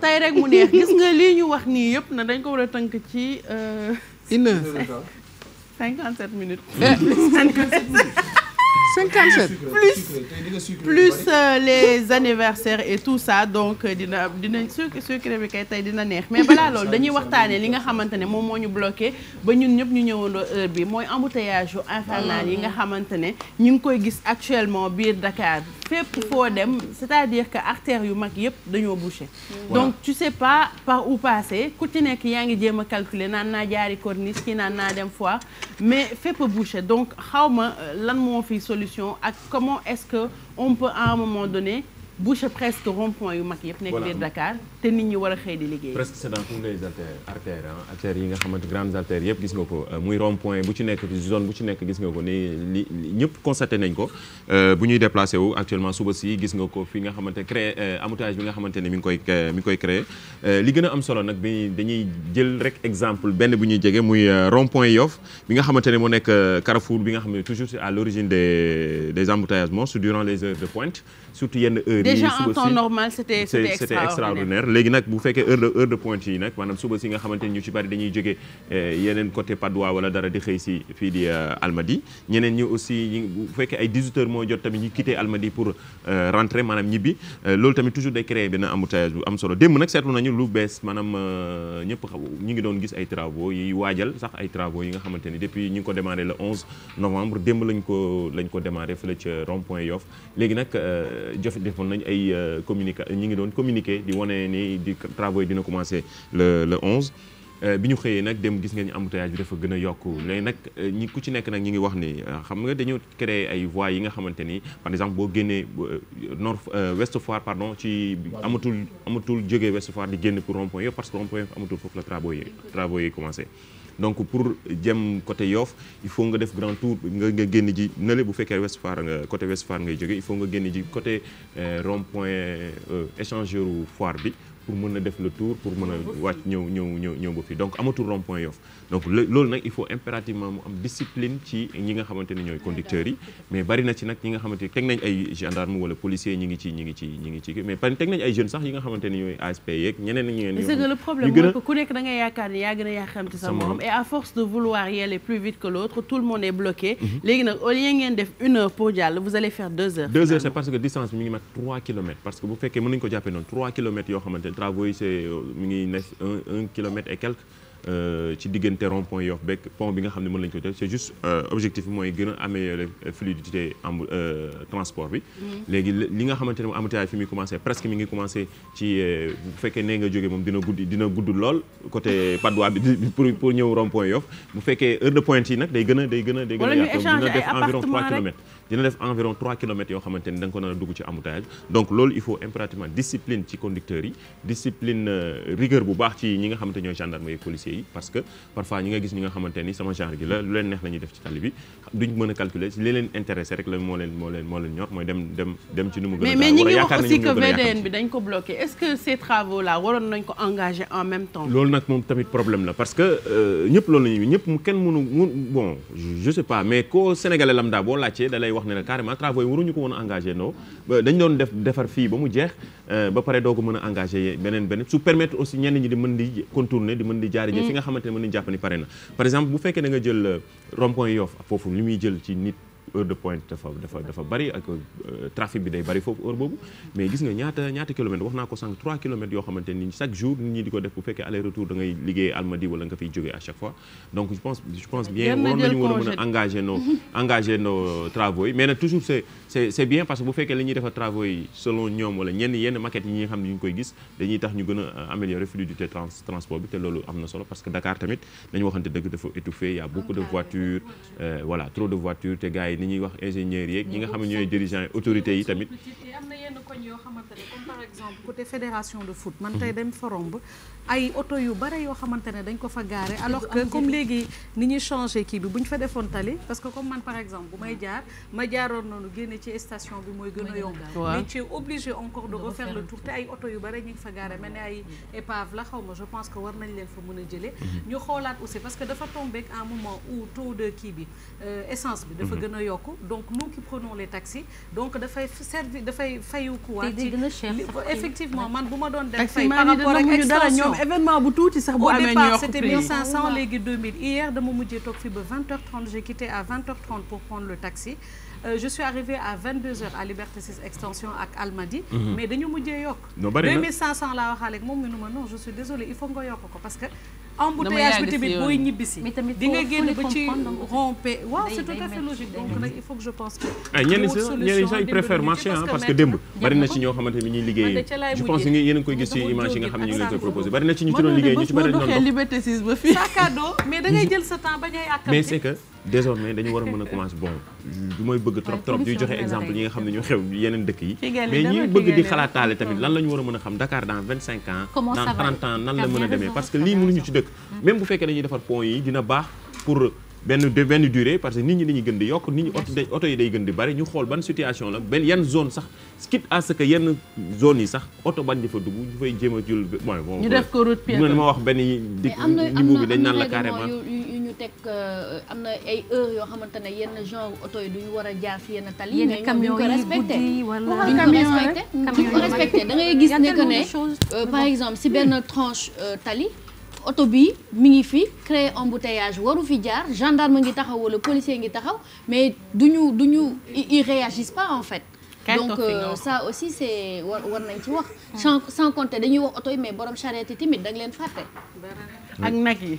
tey rek mu neex gis nga lii ñu wax nii yëpp na dañ ko war a tënk ci. Euh, une heure 57 57 plus plus euh, les anniversaires et tout ça donc euh, dina dina sucre sucre bi kay tey dina neex mais balaa loolu dañuy waxtaanee li nga xamante ne moom moo ñu bloqué ba ñun ñëpp ñu ñëwandoo heure bi mooy embouteillage yu infernal yi nga xamante ne ñu ngi koy gis actuellement biir Dakar fépp foo dem c'est-à-dire que artères yu mag yëpp dañoo bouché donc tu sais pas par où passer ku ci nekk yaa ngi jéem a calculer naan naa jaari corniche kii naan naa dem foire mais fépp bouché donc xawma euh, lan moo fi solution ak comment est-ce que on peut à un moment donné bouché presque rond-point yu mag yëpp nekk biir te nit ñi war a xëy les artères yi nga xamante grandes artères yëpp gis nga ko euh, muy rond-point bu ci nekk zone bu ci nekk gis nga ko ni li ñëpp constaté nañ ko euh, bu ñuy déplacé wu actuellement suba si gis nga ko fi nga xamante créé embouteillage euh, bi nga xamante ne mi ngi koy mi ngi koy créé li gën a am solo nag bi dañuy jël rek exemple benn bu ñuy jege muy rond-point Yoff bi xamante ne moo nekk Carrefour bi nga xam ne toujours c'est à l'origine des des embouteillages monstres durant les heures de pointe surtout yenn heures yi déjà en temps normal c'était extraordinaire léegi nag bu fekkee heure de heure de pointe yi nag maanaam suba si nga xamante ni ñu ci bari dañuy jógee eh, yeneen côté Padois wala dara di xëy si fii di euh, Almadi ñeneen ñi aussi bu fekkee ay 18 heures moo jot tamit ñu quitté Almadi pour euh, rentrer maanaam ñibbi euh, loolu tamit toujours day créer benn embouteillage am solo démb nag seetlu nañu lu bees maanaam ñëpp xaw ñu ngi doon gis ay travaux yi waajal sax ay travaux yi nga xamante ni depuis ñu ngi ko démarré le 11 novembre démb lañ ko lañ ko démarré fële ca rond point léegi nag jëf defoon nañ ay euh, communica ñi ngi doon communiqué di wane nii di travaux yi dina commencé le le onze euh, bi ñu xëyee nag dem gis nga ñu embouteillage bi dafa gën a yokk léegi nag euh, ñi ku ci nekk nag ñu ngi wax ni xam nga dañu créer ay voies yi nga xamante ni par exemple boo génnee nord Ouest Foire pardon ci amatul amatul jógee Ouest Foire di génn pour rond-point parce que rond-point amatul foofu la travaux yi travaux yi commencé donc pour jëm côté Yoff il faut nga def grand tour nga nga génn ji nale bu fekkee Ouest Foire nga côté Ouest ngay jógee il faut nga génn ji côté euh, rond point euh, échangeur foire bi pour mën a def le tour pour mën a wàcc ñëw ñëw ñëw ñëw ba fii donc amatul rond point Yoff donc loolu nag il faut impérativement mu am discipline ci ñi nga xamante ne ñooy conducteurs yi mais bari na ci nag ñi nga xamante ni teg nañ ay gendarme wala policier ñi ngi ci ñi ngi ci ñi ngi ci mais par teg nañ ay jeunes sax yi nga xamante ne ñooy ASP yeeg ñeneen ñi ngeen c'est que le problème mooy que ku nekk da nga yaakaar ni yaa gën a yaaxamte sa morom et à force de vouloir y aller plus vite que l'autre tout le monde est bloqué mm-hmm. léegi nag au lieu ngeen def une heure pour jàll vous allez faire deux heures deux heures c'est parce que distance bi mi ngi mat 3 kilomètres parce que bu fekkee mën nañu ko jàppee noonu 3 kilomètres yoo xamante travaux yi c'est euh, mi ngi nekk un un kilomètre et quelques euh, ci diggante rond point Yoff beeg pont bi nga xam ne mën lañu ko def c'est juste euh, objectif bi mooy gën a améliorer fluidité am transport bi. Mm-hmm. léegi li nga xamante ne moom embouteillage fi muy commencé presque mi ngi commencé ci bu fekkee nee nga jógee moom dina guddi dina gudd lool côté Padois bi pour pour ñëw rond point Yoff bu fekkee heure de pointe yi nag day gën a day gën a. day gën a yaatu dina def environ 3 kilomètres. dina def environ 3 kilomètres yoo xamante ni da ko nar a dugg ci embouteillage donc loolu il faut impérativement discipline ci conducteurs yi discipline euh, rigueur bu baax ci ñi nga xamante ñooy gendarme yi policiers yi parce que parfois ñi nga gis ñi nga xamante ni sama genre gi la lu leen neex la def ci tali bi duñ mën a calculer li leen intéressé rek la moo leen ñor mooy dem dem ci nu gën a mais ñi ngi waroon nañ ko engagé en même temps wax ne la carrément travaux yi waruñu ko woon a engagé non dañ doon defar fii ba mu jeex euh, ba pare doo ko mën a engagé beneen beneen su permettre aussi ñenn ñi di mën di contourner di mën di jaari mm. fi nga xamante ne mën nañu jàpp ni pare na par exemple bu fekkee da nga jël euh, rond-point Yoff foofu li muy jël ci nit heure de pointe dafa dafa dafa bari ak euh, trafic bi day bari foofu heure boobu mais gis nga ñaata ñaata kilomètres wax naa ko sànq 3 yoo xamante ni chaque jour nit ñi di ko def bu fekkee aller retour da ngay liggéey Almadies wala nga fiy jógee à chaque fois donc je pense bien waroon nañu war a mën a engagé nos yi mais toujours c'est c'est c'est bien parce que bu fekkee la ñuy defar selon ñoom wala ñenn yenn maquettes yi ñu ngi koy gis dañuy tax ñu gën a euh, améliorer fluidité transport bi te loolu am na solo parce que Dakar tamit nañu waxante dëgg dafa étouffé y a de voitures euh, voilà trop de voitures te gars yi ni ñuy wax ingénieurs yeeg nga xam ne ñooy dirigeants yi yi tamit comme fédération de foot man tey dem fa romb ay oto yu bare yoo xamante ne dañ ko fa gaare alors que comme léegi ni ñuy changé kii bu fa defoon tali parce ci station bi mooy gën a yomb mais tu es obligé encore de refaire le tour te ay oto yu bari ñu ngi fa mel ne ay mm-hmm. épave la xaw ma je pense que war nañ leen fa mën a jëlee mm-hmm. ñu xoolaat aussi parce que dafa tombé à un moment où taux de kii bi euh, essence bi dafa mm-hmm. gën a yokk donc nous qui prenons les taxis donc dafay servi dafay fayu kuwaat ci effectivement man bu ma doon dem fay par rapport ak extension événement bu tuuti sax bu amee ñu yokk prix c'était 1500 léegi 2000 hier dama mujjee toog fi ba 20h30 j'ai quitté à pour prendre Euh, je suis arrivé à 22h à Liberté 6 extension ak Almadi. Mhm. mais dañu mujjee yokk. non bari na 2500 waxaale moom mi nu ma non je suis désolé il faut nga yokk ko parce que. embouteillage bi tamit booy ñibbisi di nga génn ba ci rompé waaw c'est tout à fait logique donc mhm. nag il faut que je pense que ay ah, ñenn sax ñenn marché parce que démb bari na ci ñoo xamante ni ñuy liggéey je pense que yéen a koy gis ci image nga xam ñu leen koy proposé bari na désormais dañu war a mën a commencer bon du may bëgg trop trop ñuy joxe exemple yi nga xam ne ñu xew yeneen dëkk yi mais ñuy bëgg di xalaataale tamit lan la ñu a mën a xam Dakar dans vingt cinq ans dans ans nan la mën a demee parce que lii mënuñu ci dëkk mm. même bu fekkee dañuy defar pont yi dina baax pour benn de benn durée parce que nit ñi dañuy gën di yokk nit ñi oto day oto yi day gën di bari ñu xool ban situation la benn yan zone sax quitte à ce yenn zone yi sax oto bañ di fa dugg ñu fay jéem a mooy bon ñu def ko route piétonne ma wax benn di niveau bi dañ naan la ñu teg euh, am na ay yoo xamante ne yenn genre oto yi duñu war a jaar si yenn tali yi camion yi respecté duñ ko da ngay gis ne que ne euh, par exemple si benn tranche euh, tali oto bi mi ngi fi créer embouteillage waru fi jaar gendarme ngi taxaw wala policier ngi taxaw mais du duñu duñu ils réagissent pas en fait donc euh, ça aussi c'est war war nañ ci wax sans sans compter dañuy wax oto yi mais borom charrette yi tamit da nga leen fàtte ak nag yi.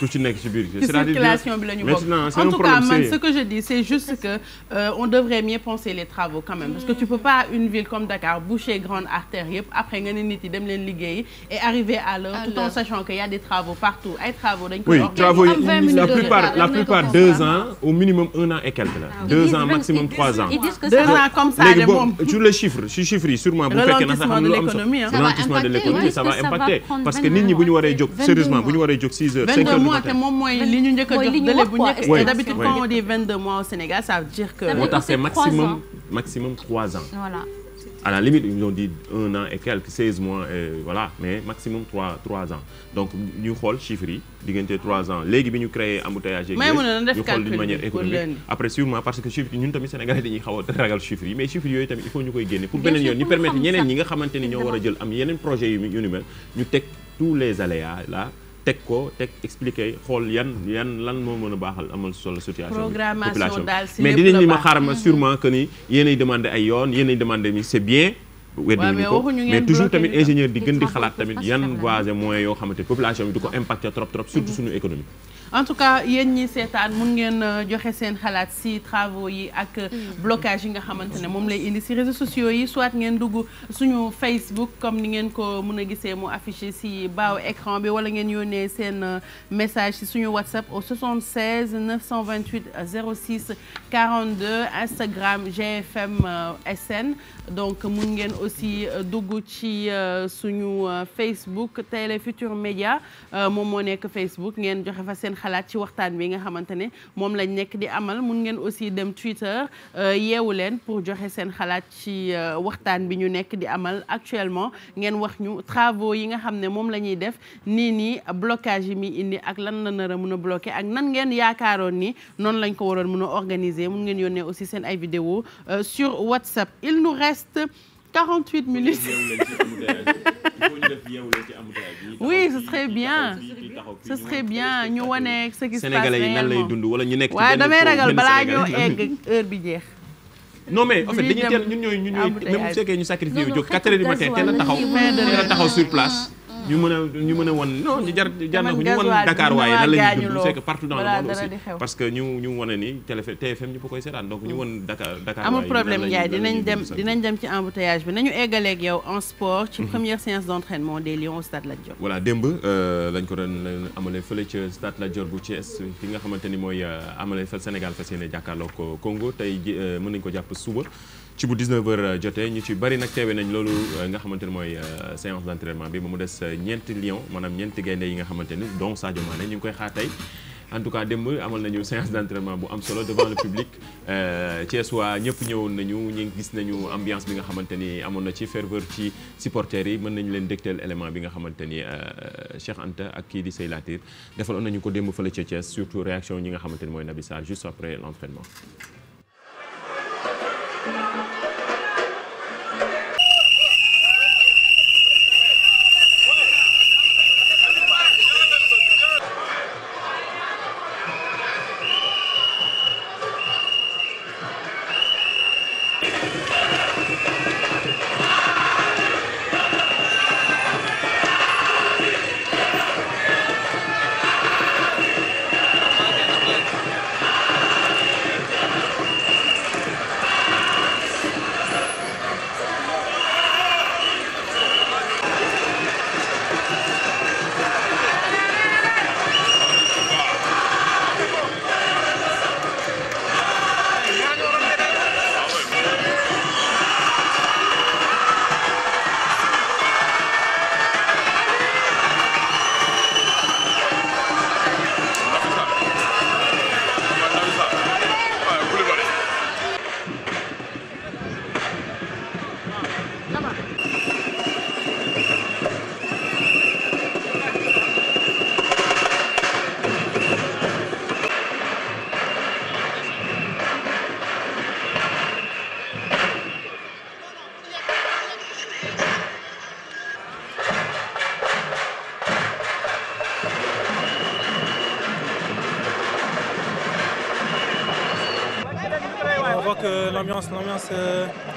ku ci nekk ci biir c'est-à-dire circulation bi la ñu bokk en tout cas man ce que je dis c'est juste que euh, on devrait mieux penser les travaux quand même parce que tu peux pas une ville comme Dakar boucher grande artère yëpp après nga ne nit yi dem leen liggéeyi et arriver à l'heure tout en sachant que y a des travaux partout ay travaux dañ koy oui travaux yi la plupart la plupart deux ans au minimum un an et quelques là ah deux ans maximum trois ans deux ans comme ça de moom sur les chiffres sur chiffres yi sûrement bu fekkee na sax xam ne lu am solo ralentissement de l'économie ça va impacter parce que nit ñi bu ñu waree jóg sérieusement ñu waree jóg 6 heures. 5 heures 22 mois te moom mooy li ñu njëkk a jox bu njëkk. oui d'habitude quand on dire que. maximum maximum ans. voilà. la limite ils nous ont dit un an et mois maximum 3 ans donc ñu xool chiffres diggante 3 ans léegi bi ñu créé embouteillage yeeg ñu xool d'une manière économique après sûrement parce que chiffres yi ñun tamit Sénégalais dañuy xaw a ragal chiffres mais chiffres yooyu tamit il faut ñu koy génne pour beneen yoon ñu permettre ñeneen ñi nga xamante ni ñoo war jël am yeneen projet yu ni mel ñu teg ko teg expliqué xool yan yan lan moo mën a baaxal amal solo situation population mais dinañ ni ma xaaral ma surement que ni yéenay demande ay yoon yenn demande mi c'est bien weddiwuñu ko mais toujours tamit ingénieur di gën di xalaat tamit yan voies moyens yoo xamante population bi du ko impacté trop trop surtout mhm. suñu économie en tout cas yéen ñi seetaan mun ngeen euh, joxe seen xalaat si travaux yi ak euh, mm. blocage yi nga xamante ne moom lay indi si réseaux sociaux yi soit ngeen dugg suñu Facebook comme ni ngeen ko mun a gisee mu affiché si baaw écran bi wala ngeen yónnee seen euh, message si suñu WhatsApp au 76 928 06 42 Instagram GFM SN donc mun ngeen aussi dugg ci suñu Facebook Télé Futurs Médias moom moo nekk Facebook ngeen joxe fa seen xalaat ci waxtaan bi nga xamante ne moom lañ nekk di amal mun ngeen aussi dem Twitter euh, yeewu leen pour joxe seen xalaat ci euh, waxtaan bi ñu nekk di amal actuellement ngeen wax ñu travaux yi nga xam ne moom la ñuy def nii nii blocage yi mi indi ak lan la nar mun a bloqué ak nan ngeen yaakaaroon ni noonu lañ ko waroon mun a organiser mun ngeen yónnee aussi seen ay vidéo euh, sur WhatsApp il nous reste 48 minutes. oui ce serait bien ce serait bien ñu wane ce qui se passe sénégalais yi nan lay dund wala ñu nekk waaye damay ragal balaa ñoo egg heure bi jeex. non mais en fait dañuy teel ñun ñooy ñun ñooy même bu fekkee ñu sacrifié jóg 4 heures du matin teel a taxaw teel a taxaw sur place. ñu mën a ñu mën a wan non ñu jar jar na ko ñu wan Dakar waaye nan la ñuy dund c'est que partout dans le parce que ñu ñu wane ni TFM ñu ko koy ñu wan Dakar Dakar amul problème Ndiaye dem dinañ dem ci embouteillage bi nañu eggaleeg yow en sport ci mhm. première séance d'entraînement des Lions au stade Lat Dior démb euh, lañ ko doon amalee fële ci stade Lat Dior bu Thiès fi nga xamante ni mooy euh, amale fa Sénégal fas yéene jàkkaarloo ko Congo tey euh, mën nañ ko jàpp suba ci bu 19h euh, ñu ci bari nag teewe nañ loolu euh, nga xamante ne mooy euh, séance d'entraînement bi ba mu des ñeenti lion maanaam ñeenti gaynde yi nga xamante ni donc Sadio Mané ñu ngi koy xaar tey en tout cas démb amal nañu séance d'entraînement bu am solo devant le public Thiès waa ñëpp ñëwoon nañu ñu gis nañu ambiance bi nga xamante ni amoon na ci ferveur ci supporters yi mën nañu leen dégteel élément bi nga xamante ni Cheikh Anta ak kii di Sey Latir defaloon nañu ko démb fële ca Thiès surtout réaction ñi nga xamante ni mooy Nabi Sarr juste après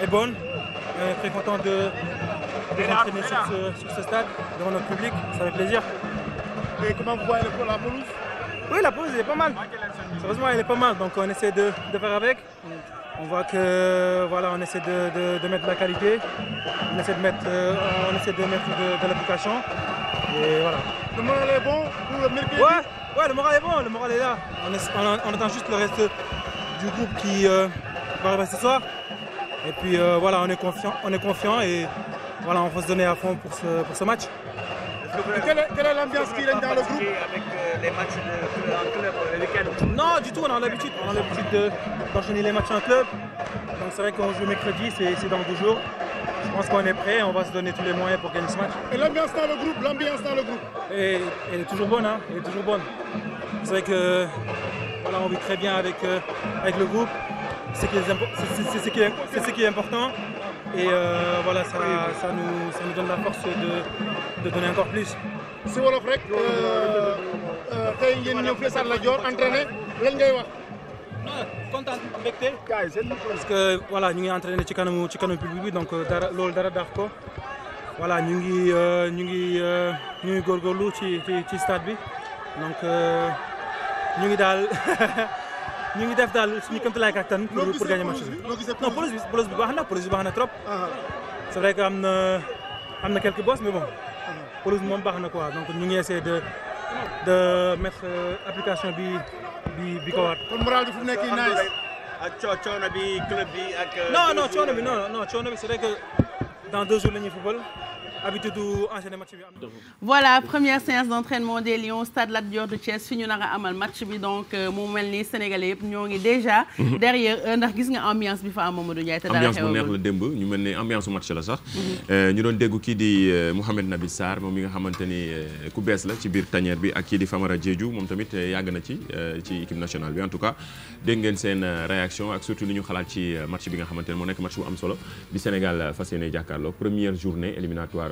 est bonne. Euh, content de, de sur, ce stade, devant notre public, ça plaisir. la pelouse Oui, la pelouse, elle est pas mal. Heureusement, elle est pas mal, donc on essaie de, faire avec. On voit que voilà, on essaie de, mettre la qualité, on essaie euh, de l'application. Et voilà. Le moral est bon le moral est bon, le moral est là. On, est, juste le reste du groupe qui euh, va arriver ce Et puis euh, voilà, on est confiant, on est confiant et voilà, on va se donner à fond pour ce, pour ce match. Et quelle, quelle est l'ambiance qu'il a dans le groupe Avec euh, les matchs de, euh, en club euh, le week-end Non, du tout, on a l'habitude, on a l'habitude d'enchaîner de, les matchs en club. Donc c'est vrai qu'on joue mercredi, c'est dans deux jours. Je pense qu'on est prêt, on va se donner tous les moyens pour gagner ce match. Et l'ambiance dans le groupe, l'ambiance dans le groupe et, Elle est toujours bonne, hein, elle est toujours bonne. C'est vrai que voilà, on vit très bien avec, euh, avec le groupe. c'est ce, qui est, c'est ce qui est important. Et euh, voilà, ça, ça, la force de, de donner encore plus. si wolof rek euh, euh, tey ngeen ñëw fii la Dior entraîné lan ngay wax. ah parce que voilà ñu ngi entraîné ci kanamu ci kanamu public bi donc euh, dara loolu dara daax ko voilà ñu ngi ñu ngi ñu ngi ci ci ci stade bi donc ñu ngi daal. ñu ngi def daal suñu kéemtalaay kattan pour pour gagner match bi. non police bi police bi baax na police bi baax na trop. Ah. c'est vrai que am na am na quelques bosses mais bon. Ah. police bi moom baax na quoi donc ñu ngi essayer de de mettre euh, application bi bi bi ko waat. kon moral bi fu mu nekk nii nice. ak coono bi club bi ak. Euh, non non coono bi non non coono bi c'est vrai que dans deux jours la ñuy football. habitude enchaîner match bi am voilà première séance d'entraînement stade Lat Dior de fi ñu nar a amal match bi donc euh, mu mel ni sénégalais yëpp ñoo ngi déjà derrière ndax gis nga ambiance bi fa am Mamadou Ndiaye te dara ambiance bu neex la démb ñu mel ni ambiance bu match la sax mhm. euh, ñu doon déggu kii di euh, Mouhamed Nabi Sarr moom mi nga xamante ni ku bees la ci biir tanière bi ak kii di Famara Diédhiou moom tamit yàgg na ci ci équipe nationale bi en tout cas dégg ngeen seen réaction ak surtout li ñu xalaat ci match ne moo nekk match bu am solo bi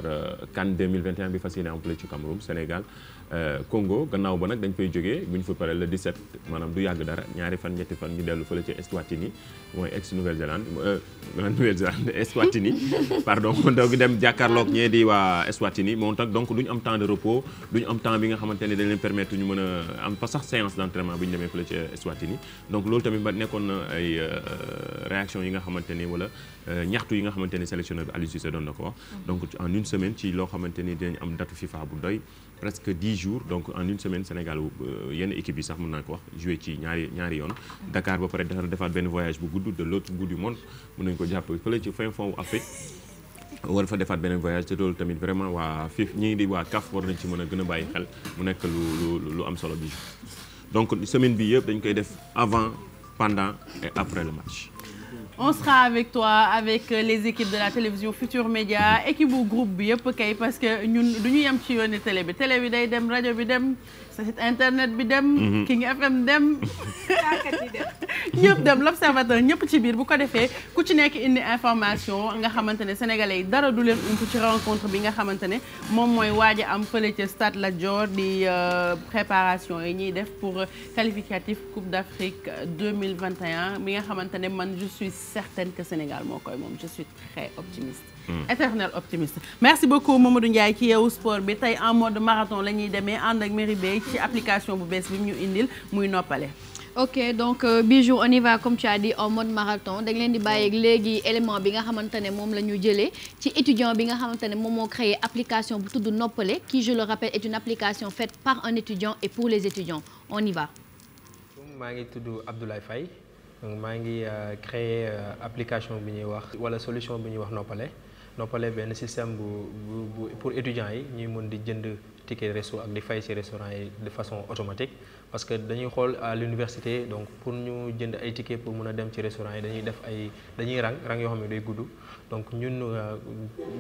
Euh, CAN 2021 bi fas yéene am fële ci Cameroun Sénégal Euh, Congo gannaaw ba nag dañ fay jóge bu ñu fa paree di set maanaam du yàgg dara ñaari fan ñetti fan ñu dellu fële ci Eswatini mooy ex euh, Nouvelle-Zélande Nouvelle-Zélande Eswatini pardon kon gi dem jàkkaarloog ñee di waa Eswatini moom tax donc du am temps de repos du am temps bi nga xamante ne dañ leen permettre ñu mën a am pas sax séance d'entraînement bi ñu demee fële ci Eswatini donc loolu tamit ba nekkoon na ay euh, réaction yi nga xamante ni wala ñaxtu yi nga xamante ni sélectionneur bi Aliou Cissé doon na ko wax mm-hmm. donc en semaine ci loo xamante ni dinañ am datu FIFA bu doy presque dix jours donc en une semaine Sénégal euh, yenn équipe yi sax mun naa ko wax joué ci ñaari ñaari yoon Dakar ba pare dana defaat benn voyage bu gudd de l'autre bout du monde mën nañu ko jàpp fële ci fin fond Afrique war fa defaat benn voyage te loolu tamit vraiment waa fif ñi di waa CAF war nañ ci mën a gën a bàyyi xel mu nekk lu lu am solo bi donc semaine bi yëpp dañ koy def avant pendant et après le match on sera avec toi avec euh, les équipes de la télévision Futur Média équipe bu groupe bi yëpp kay parce que ñun du ñu yem ci yoon télé bi télé bi day dem rajo bi dem site internet bi dem. Mhm. King FM dem. ñëpp dem l'observateur ñëpp ci biir bu ko defee ku ci nekk indi information nga xamante ne sénégalais yi dara du leen ump ci rencontre bi nga xamante ne moom mooy waaj am fële ca stade Lat Dior di euh, préparation yi ñuy def pour qualificatif Coupe d'Afrique 2021 mi nga xamante ne man je suis certaine que Sénégal moo koy moom je très optimiste. Mm. éternel optimiste merci beaucoup Mamadou Ndiaye ci Yeewu Sport bi tey en mode marathon la ñuy demee ànd ak Merry Beye ci application bu bees bi ñu indil muy noppale ok donc euh, Bijou on y va comme tu as dit en mode marathon dañ leen di bàyyi léegi élément bi nga xamante ne moom la ñu jëlee ci étudiant bi nga xamante ne moom moo créé application bu tudd Noppale ki je le rappelle est une application faite par un étudiant et pour les étudiants on y va. maa ngi tudd Abdoulaye Faye donc maa ngi euh, créé euh, application bi ñuy wax wala solution bi ñuy wax Noppale. noppalee benn système bu bu pour étudiants yi ñuy mën di jënd ticket resto ak di fay ci restaurant yi de façon automatique parce que dañuy xool à l'université donc pour ñu jënd ay ticket pour mun a dem ci restaurant yi dañuy def ay dañuy rang rang yoo xam ne day gudd donc ñun euh,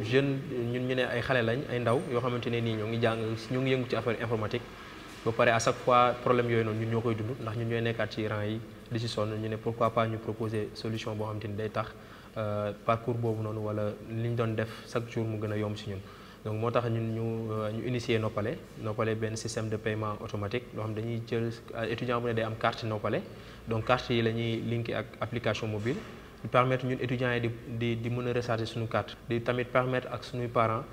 jeune ñun ñu ne ay xale ndaw yoo xamante ne nii ñoo ngi jàng ñu ngi yëngu ci affaire informatique ba pare à chaque fois problème yooyu noonu ñun ñoo koy dund ndax ñun ñooy nekkaat ci rang yi di ci sonn ñu ne pourquoi pas ñu proposer solution boo ni day tax Euh, parcours boobu noonu wala li ñu doon def chaque jour mu gën a yomb si ñun donc moo tax ñun ñu euh, ñu initier Noppale Noppale benn système de paiement automatique loo xam dañuy jël euh, étudiant bu ne am carte Noppale donc carte yi la ñuy linké ak application mobile permettre ñun étudiants yi di di di mën a recharger suñu carte di tamit permettre ak suñuy parents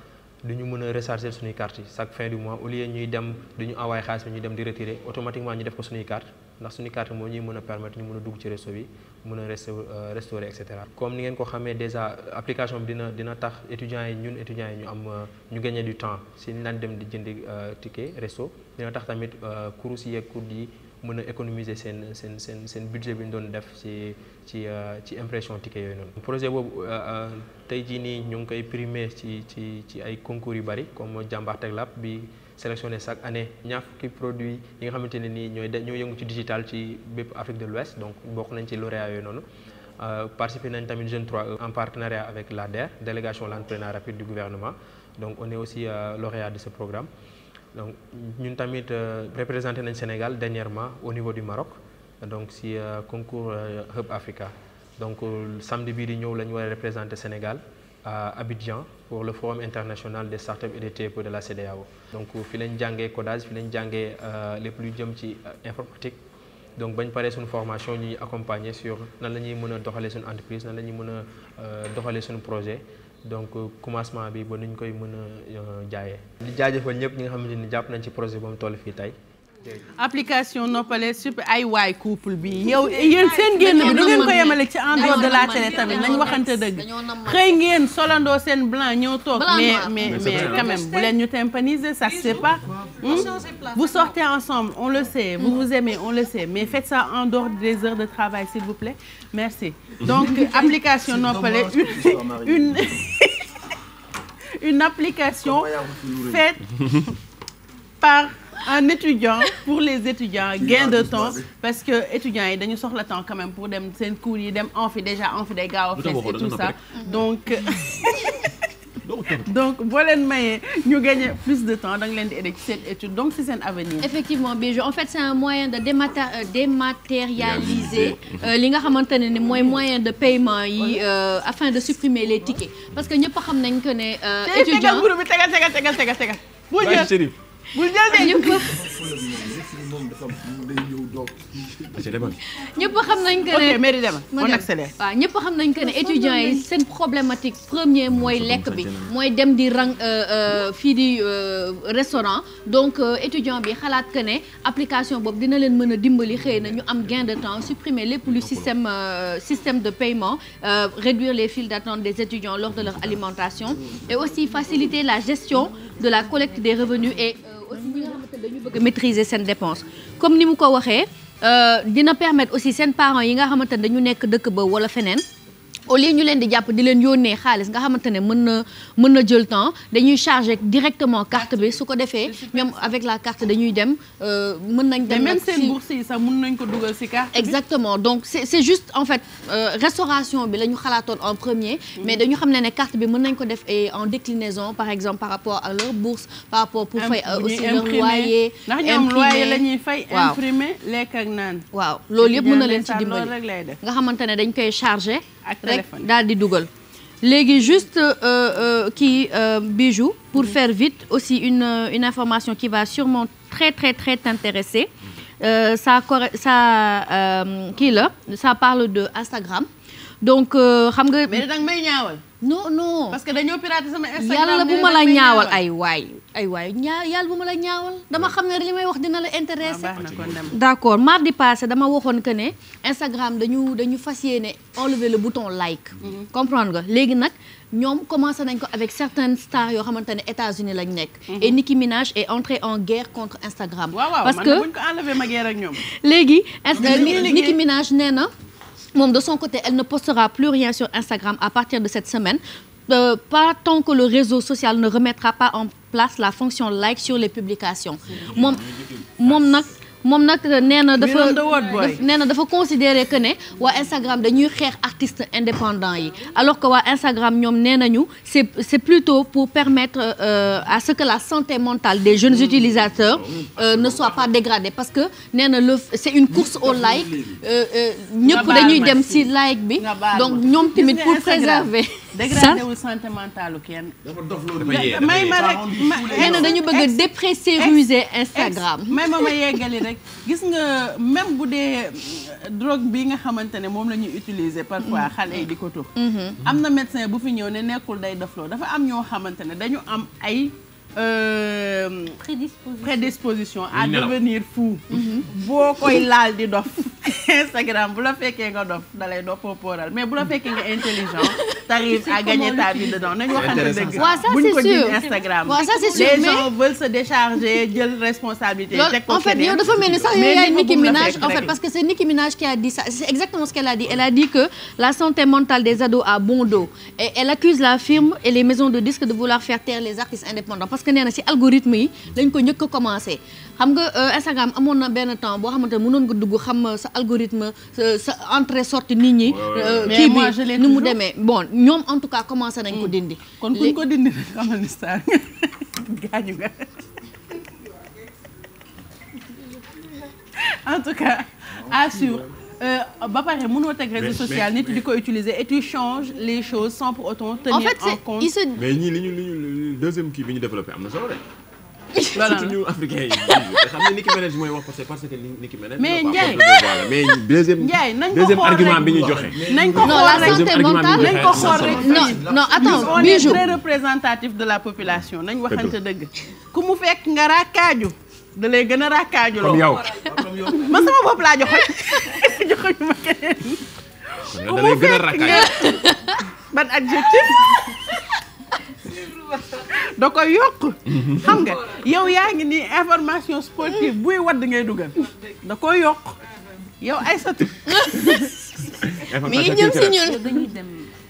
du ñu mën a recharger suñuy carte yi chaque fin du mois au ñuy dem du ñu envoyé xaalis bi ñuy dem di retirer automatiquement ñu def ko suñuy carte ndax suñu carte moo ñuy mën a permettre ñu mën a dugg ci réseau bi mën a rest euh, restaurer et cetera comme ni ngeen ko xamee déjà application bi dina dina tax étudiants yi ñun étudiants yi ñu am euh, ñu gagner du temps si ñu dem di jëndi euh, ticket resto dina tax tamit cours yi ak yi mën a économiser seen seen seen seen budget bi ñu doon def ci ci ci impression ticket yooyu noonu. projet boobu tey jii nii ñu ngi koy primé ci ci ci ay concours yu bari comme Jambar Tech Lab bi. sélectionné chaque année ñaar fukki produit yi nga xamante ne nii ñooy ñoo yëngu ci digital ci bépp Afrique de l'Ouest donc bokk nañ ci lauréat yooyu noonu euh, participer nañ tamit Jeune 3 e en partenariat avec l'ADER délégation l'entraînement rapide du gouvernement donc on est aussi euh, lauréat de ce programme donc ñun tamit euh, représenté nañ Sénégal dernièrement au niveau du marok donc si concours Hub Africa donc samedi bii di ñëw la ñu war a représenté Sénégal à Abidjan pour le forum international des startups et des TPE de la CEDEAO. donc fi lañ jàngee codage fi lañ jàngee lépp euh, lu jëm ci euh, informatique donc bañ paree suñu formation ñuy accompagner sur nan la ñuy mën a doxalee suñu entreprise nan la ñuy mën a euh, doxalee suñu projet donc commencement bi ba nuñ koy mën a jaayee. di jaajëfal ñëpp ñi nga xamante ni jàpp nañ ci projet ba mu toll fii tey. application noppale sup ay waay couple bi yow yéen seen génn bi du ngeen ko yemale ci en dehors de la télé tamit nañ waxante dëgg xëy ngeen solandoo seen blanc ñëw toog mais mais mais quand même bu leen ñu tympaniser ça se fait pas hmm? vous sortez on le sait vous hmm. vous aimez on le sait mais faites ça en dehors des heures de travail s'il vous plaît merci donc application noppale une une application faite par un étudiant pour les étudiants gain de temps parce que étudiants yi dañu soxla temps quand même pour dem seen cours yi dem amphi déjà amphi day gaaw a fees et tout ça donc donc boo leen mayee ñu gagné plus de temps da nga leen di aider ci seen ci seen avenir. effectivement Bijou en fait c' est un moyen de démata euh, dématérialiser. Euh, li nga xamante ne ni mooy moyen de paiement yi euh, afin de supprimer les tickets. parce que ñëpp xam nañ que ne. étudiant tegal groupe bi tegal tegal tegal tegal. bul jël de ñëpp ñëpp xam nañ que ne ok Mary demal on ñëpp xam nañ que ne étudiants yi seen problématique premier mooy lekk bi mooy dem di rang euh, euh, fii di euh, restaurant donc étudiant bi xalaat que ne application boobu dina leen mën a dimbali xëy na ñu am gain de temps supprimer lépp lu système système de paiement réduire les files d'attente des étudiants lors de leur alimentation et aussi faciliter la gestion de la collecte des revenus aussi ñi bëgg maîtriser seen dépense comme ni mu ko waxee euh, dina permettre aussi seen parents yi nga xamante ne dañu nekk dëkk ba wala feneen au lieu ñu leen di jàpp di leen yónnee xaalis nga xamante ne mën na mën na jël temps dañuy charger directement carte bi su ko defee ñoom avec la carte dañuy dem euh, mën nañ dem même seen bourse yi sax mën nañ ko dugal ci carte exactement donc c'est c'est juste en fait euh, restauration bi la ñu xalaatoon en premier mais dañu xam ne ne carte bi mën nañ ko def en déclinaison par exemple par rapport à leur bourse par rapport pour fay euh, aussi loyer ndax ñoom loyer la ñuy fay imprimer lekk ak naan waaw loolu yëpp mën na leen ci dimbali nga xamante ne dañ koy charger rek daal di dugal. léegi juste euh, euh, kii euh, bijou pour mhm. faire vite aussi une une information qui va sûrement très très très t'intéresser ça cor ça kii la ça parle de Instagram donc xam nga. mais danga may ñaawal. non non parce que dañoo pirater sama Instagram yàlla bu ma la ñaawal ay waay. ay waay ñaa yàlla bu ma la ñaawal dama xam ne li may wax dina la intéressé ah, d'accord mardi passé dama waxoon que ne Instagram dañu dañu fas yéene enlever le bouton like mm-hmm. comprendre nga léegi nag ñoom commencé nañ ko avec certaines stars yoo xamante ne États-Unis lañ nekk mm-hmm. et Nicki Minaj est entrée en guerre contre Instagram parce que buñ ko enlever ma guerre ak ñoom léegi Nicki Minaj nee na moom de son côté elle ne postera plus rien sur Instagram à partir de cette semaine Euh, pas tant que le réseau social ne remettra pas en place la fonction like sur les publications moom moom nag moom nag euh, nee na dafa nee na dafa considéré que ne waa Instagram dañuy xeex artistes indépendant yi alors que waa Instagram ñoom nee nañu c'est c'est plutôt pour permettre euh, à ce que la santé mentale des jeunes mm. utilisateurs euh, mm. ne soit pas dégradée parce que nee na le c'est une course au like euh, euh, ñëpp dañuy dem si like bi donc ñoom tamit pour préserver a dépressuriser Instagram. gis nga même bu dee euh, drogue bi nga xamante ne moom la ñuy utiliser parfois mm-hmm. xale yi di ko tux mm-hmm. am na médecin bu fi ñëw ne nekkul day dofloo dafa am ñoo xamante ne dañu am ay Euh, prédisposition prédisposition à non. devenir fou. Mhm. boo koy laal di dof bu la fekkee nga dof bu la fekkee nga intelligent t'arrives à gagner ta vie dedans nañu waxante dëgg. waaw ça c'est sûr a dit ça c'est exactement ce qu'elle a dit elle la santé mentale des ados a bon dos et elle accuse la firme et les maisons de disques de vouloir faire taire les artistes indépendants que na ci algorithme yi lañ ko njëkk a commencé xam nga euh, Instagram amoon na benn temps boo xamante ne mënoon nga dugg xam euh, sa algorithme sa entrée sortie nit ñi. Euh, kii bi ni mu demee bon ñoom en tout cas commencé nañ ko mm. dindi. kon kuñ ko dindi nag xamal ni star gaañu nga en tout cas à suivre. Euh, ba pare mënoo teg réseau social nit di ko utiliser et tu changes les choses sans pour autant tenir en, fait, en compte mais ñii li ñu li ñu deuxième kii bi ñu développé am na solo de surtout ñu africain yi xam ne Nicki Minaj mooy wax parce que Nicki Minaj mais Ndiaye mais deuxième deuxième argument bi ñu joxe nañ ko xool rek deuxième argument bi ñu joxe non non attends Bijou on est très représentatif de la population nañ waxante dëgg ku mu fekk nga raakaaju da gën a raakaajuloo comme yow ma laa joxoñ joxoñu ma keneen da lay gën a raakaaj ban adjectif da koy yokk xam yow yaa ngi ni information sportive buy wadd ngay dugal da koy yokk yow ay satu mi ngi ñëw si ñun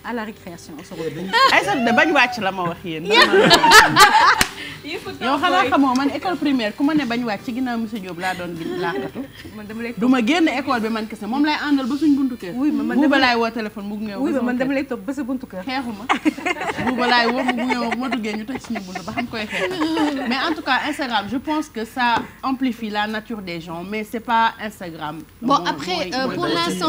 à la de bañ wàcc la ma wax yéen. yow xanaa xamoo man école primaire ku ma ne bañ wàcc ci ginnaaw monsieur Diop laa doon bind laaxatu. man du ma génn école bi man kese moom lay àndal ba suñ buntu kër. wuy man buuba téléphone mu ngeew. wuy lay topp ba sa buntu kër. ma buuba laay woo mu ngeew ma duggee ñu tëj suñu buntu ba xam koy xeex. mais en tout cas Instagram je pense que ça amplifie la nature des gens mais c'est pas Instagram. bon après euh, pour l'instant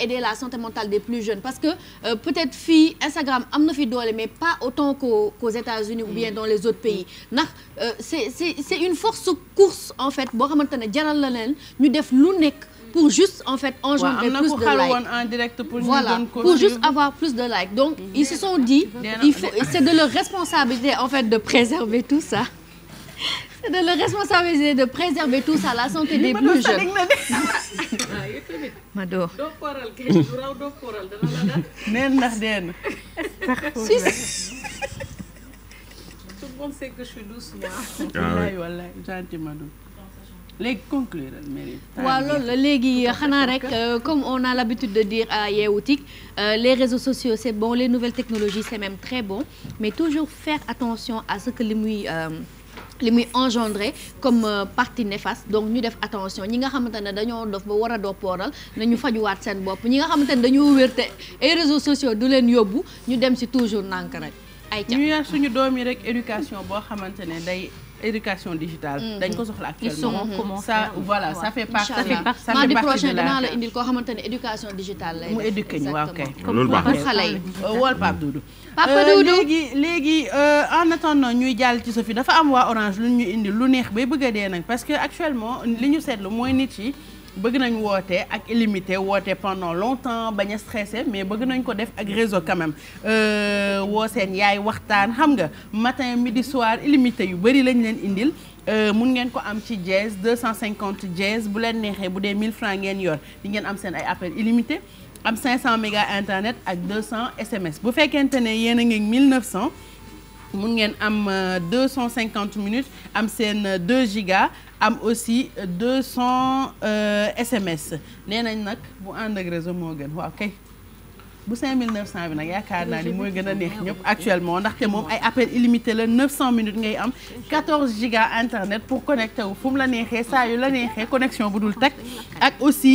aider la santé mentale des plus jeunes parce que euh, peut-être fii Instagram am na fi doole mais pas autant qu'aux qu'aux États-Unis ou bien mm. dans les autres pays ndax euh, c'est c'est c'est une force course en fait boo xamante ne jaral la leen ñu def lu nekk pour juste en fait engendrer ouais, plus de likes en direct pour voilà pour juste avoir plus de likes donc mm -hmm. ils se sont dit il faut c'est de leur responsabilité en fait de préserver tout ça de le responsabiliser de préserver tout ça la santé des plus jeunes. ma doo. doo kooral kay du raw doo kooral dana la dal. neen ndax que je suis douce moi. Ah wallaay wallaay gentil ma doo. léegi conclure Merry waaw loolu la léegi euh, xanaa rek euh, comme on a l'habitude de à Yeewu Tic euh, les réseaux sociaux c'est les nouvelles technologies c'est très bon mais toujours faire attention à ce que li muy li muy engendré comme euh, partie néfaste donc ñu def attention ñi nga xamante ne dañoo dof ba war a doppooral nañu fajuwaat seen bopp ñi nga xamante ne dañoo wér te ay réseaux sociaux du leen yóbbu ñu dem ci toujours nànk rek ay ñu yar suñu doom yi rek éducation boo xamante ne day éducation digitale. Mm-hmm. dañ ko soxla actuellement ça voilà ça fait partie mardi prochain dinaa la indil koo xamante ne éducation digitale lay mu éduqué ñu waaw kay loolu baax xale yi euh, wool Pape Doudou papa euh, Doudou léegi léegi euh, en attendant ñuy jàll ci Sophie dafa am waa orange lu ñu indil lu neex bay bëgg a dee nag parce que actuellement li ñu seetlu mooy nit yi bëgg nañ woote ak illimité woote pendant longtemps bañ a stressé mais bëgg nañ ko def ak réseau quand même euh, woo seen yaay waxtaan xam nga matin midi soir illimité yu bëri lañ leen indil. mun ngeen ko am ci Jazz 250 Jazz bu leen neexee bu dee 1000 francs ngeen yor di ngeen am seen ay appel illimité. am 500 méga internet ak 200 SMS bu fekkente ne yéen a ngi 1900 mun ngeen am 250 euh, minutes am seen 2 euh, giga am aussi 200 euh, SMS euh, nee nañ nag bu ànd ak réseau moo gën waaw kay. bu 5900 bi nag yaakaar naa ni mooy gën a neex ñëpp actuellement ndaxte moom ay appel illimité la 900 minutes ngay am 14 giga internet pour connecté wu fu mu la neexee saa yu la neexee connexion bu dul teg ak aussi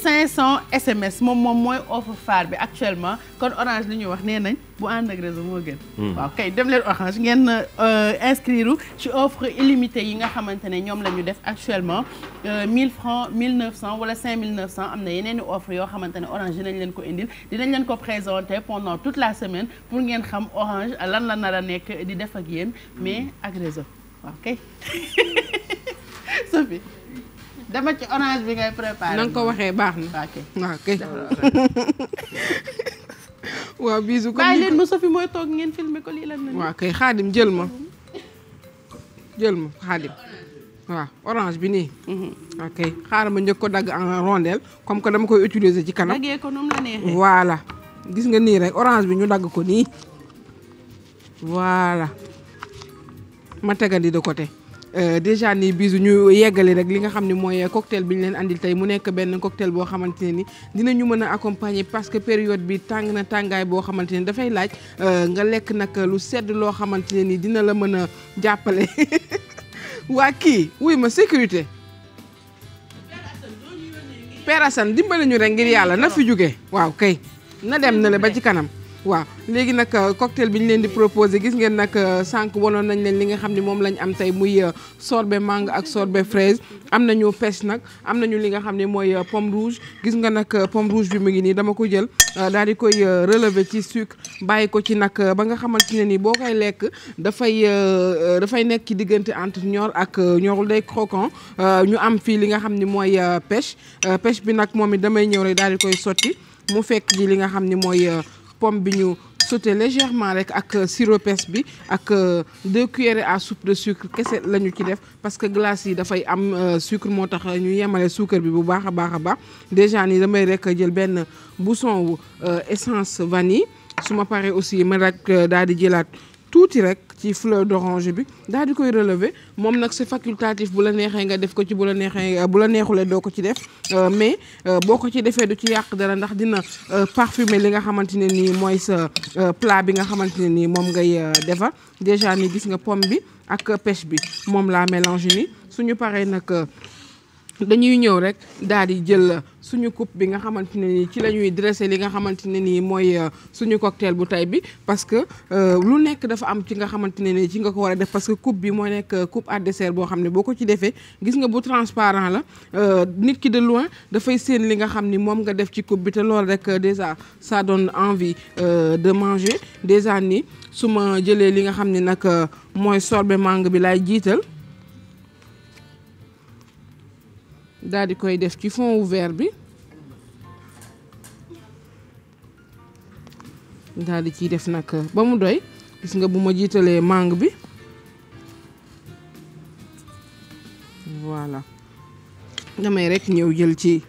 SMS euh, moom moom mooy offre phare bi actuellement kon orange li ñuy wax nee nañ bu ànd ak moo gën. Hmm. waaw kay dem leen orange ngeen euh, inscrire ci offre illimité yi nga xamante ne ñoom la ñu def actuellement 1000 euh, francs 1900 wala 5900 am na yeneen i offre yoo xamante ne leen ko indil leen ko présenté pendant tout la semaine pour ngeen xam Orange lan la nar a nekk di def ak yéen mais ak réseau waaw kay Sophie dama ci orange bi ngay préparé. na nga ko waxee baax na. ok waaw kay. waaw bisu. ko bàyyi leen ma mooy toog ngeen ko lii lan la. waaw kay xaadim jël ma jël ma xaadim. waaw orange bi nii. Mhm. ok xaaral ma njëkk ko dagg en rondelle comme que dama koy utiliser ci kanam. daggee ko nu mu la gis nga nii rek orange bi ñu dagg ko nii. voilà ma tegandi de côté. Euh, déjà nii bisu ñu yeggali rek li nga xam ni mooy cocktail bi ñu leen andil tey mu nekk benn cocktail boo xamante ne ni dinañu mën a accompagner parce que période bi tàng na tàngaay boo xamante ne dafay laaj euh, nga lekk nag lu sedd loo xamante ne ni dina la mën a jàppale. waa kii wuy ma sécurité Père Assane dimbali ñu rek ngir yàlla na fi jóge waaw kay na dem na le ba ci kanam waaw léegi nag euh, cocktail bi ñu leen di proposé gis ngeen nag euh, sànq wanoon nañ leen li nga xam ne moom lañ am tey muy euh, sorbet mangue ak sorbe fraise am nañu pêche nag am nañu li nga xam ne mooy pomme gis nga nag pomme bi mu ngi nii dama ko jël daal di koy relever ci sucre bàyyi ko ci nag ba nga xamante ne ni boo koy lekk dafay dafay nekk ci diggante entre ñor ak ñorul day croquant ñu am fii li nga xam ni mooy pêche pêche bi nag moom it damay ñëw rek daal di koy sotti mu fekk ji li nga xam ni mooy pomme bi ñu sauté légèrement rek ak euh, sirop pes bi ak euh, deux cuillères à soupe de sucre kese la ñu ci def parce que glace yi dafay am euh, sucre moo tax ñu yemale suukar bi bu baax a baax a baax déjà nii damay rek jël benn bouchon wu essence vanille su ma paree aussi ma rek daal di jëlaat tuuti rek ci fleur d'oranger bi daal di koy relever moom nag c'est facultatif bu la neexee nga def ko ci bu la neexee euh, bu la neexulee doo ko ci def euh, mais euh, boo ko ci defee du ci yàq dara ndax dina parfumer li nga xamante ne nii mooy sa plat bi nga xamante ne nii moom ngay defar déjà ni gis nga pomme bi ak pêche bi moom laa mélange ni suñu paree nag dañuy ñëw rek daal di jël suñu coupe bi nga xamante ne nii ci la ñuy dressé li nga xamante ne nii mooy euh, suñu cocktail bu tey bi parce que euh, lu nekk dafa am ci nga xamante ne nii ci nga ko war a def parce que coupe bi moo nekk euh, coupe à dessert boo xam ne boo ko ci defee gis nga bu transparent la nit ki de loin dafay séen li nga xam ni moom nga def ci coupe bi te loolu rek déjà ça donne envie de manger déjà ni su ma jëlee li nga xam ni nag mooy sorbet mangue bi laay jiital daldi koy def ci fond ouvert bi daldi di ciy def nag ba mu doy gis nga bu ma jiitalee mangue bi voilà damay rekk ñëw jël ci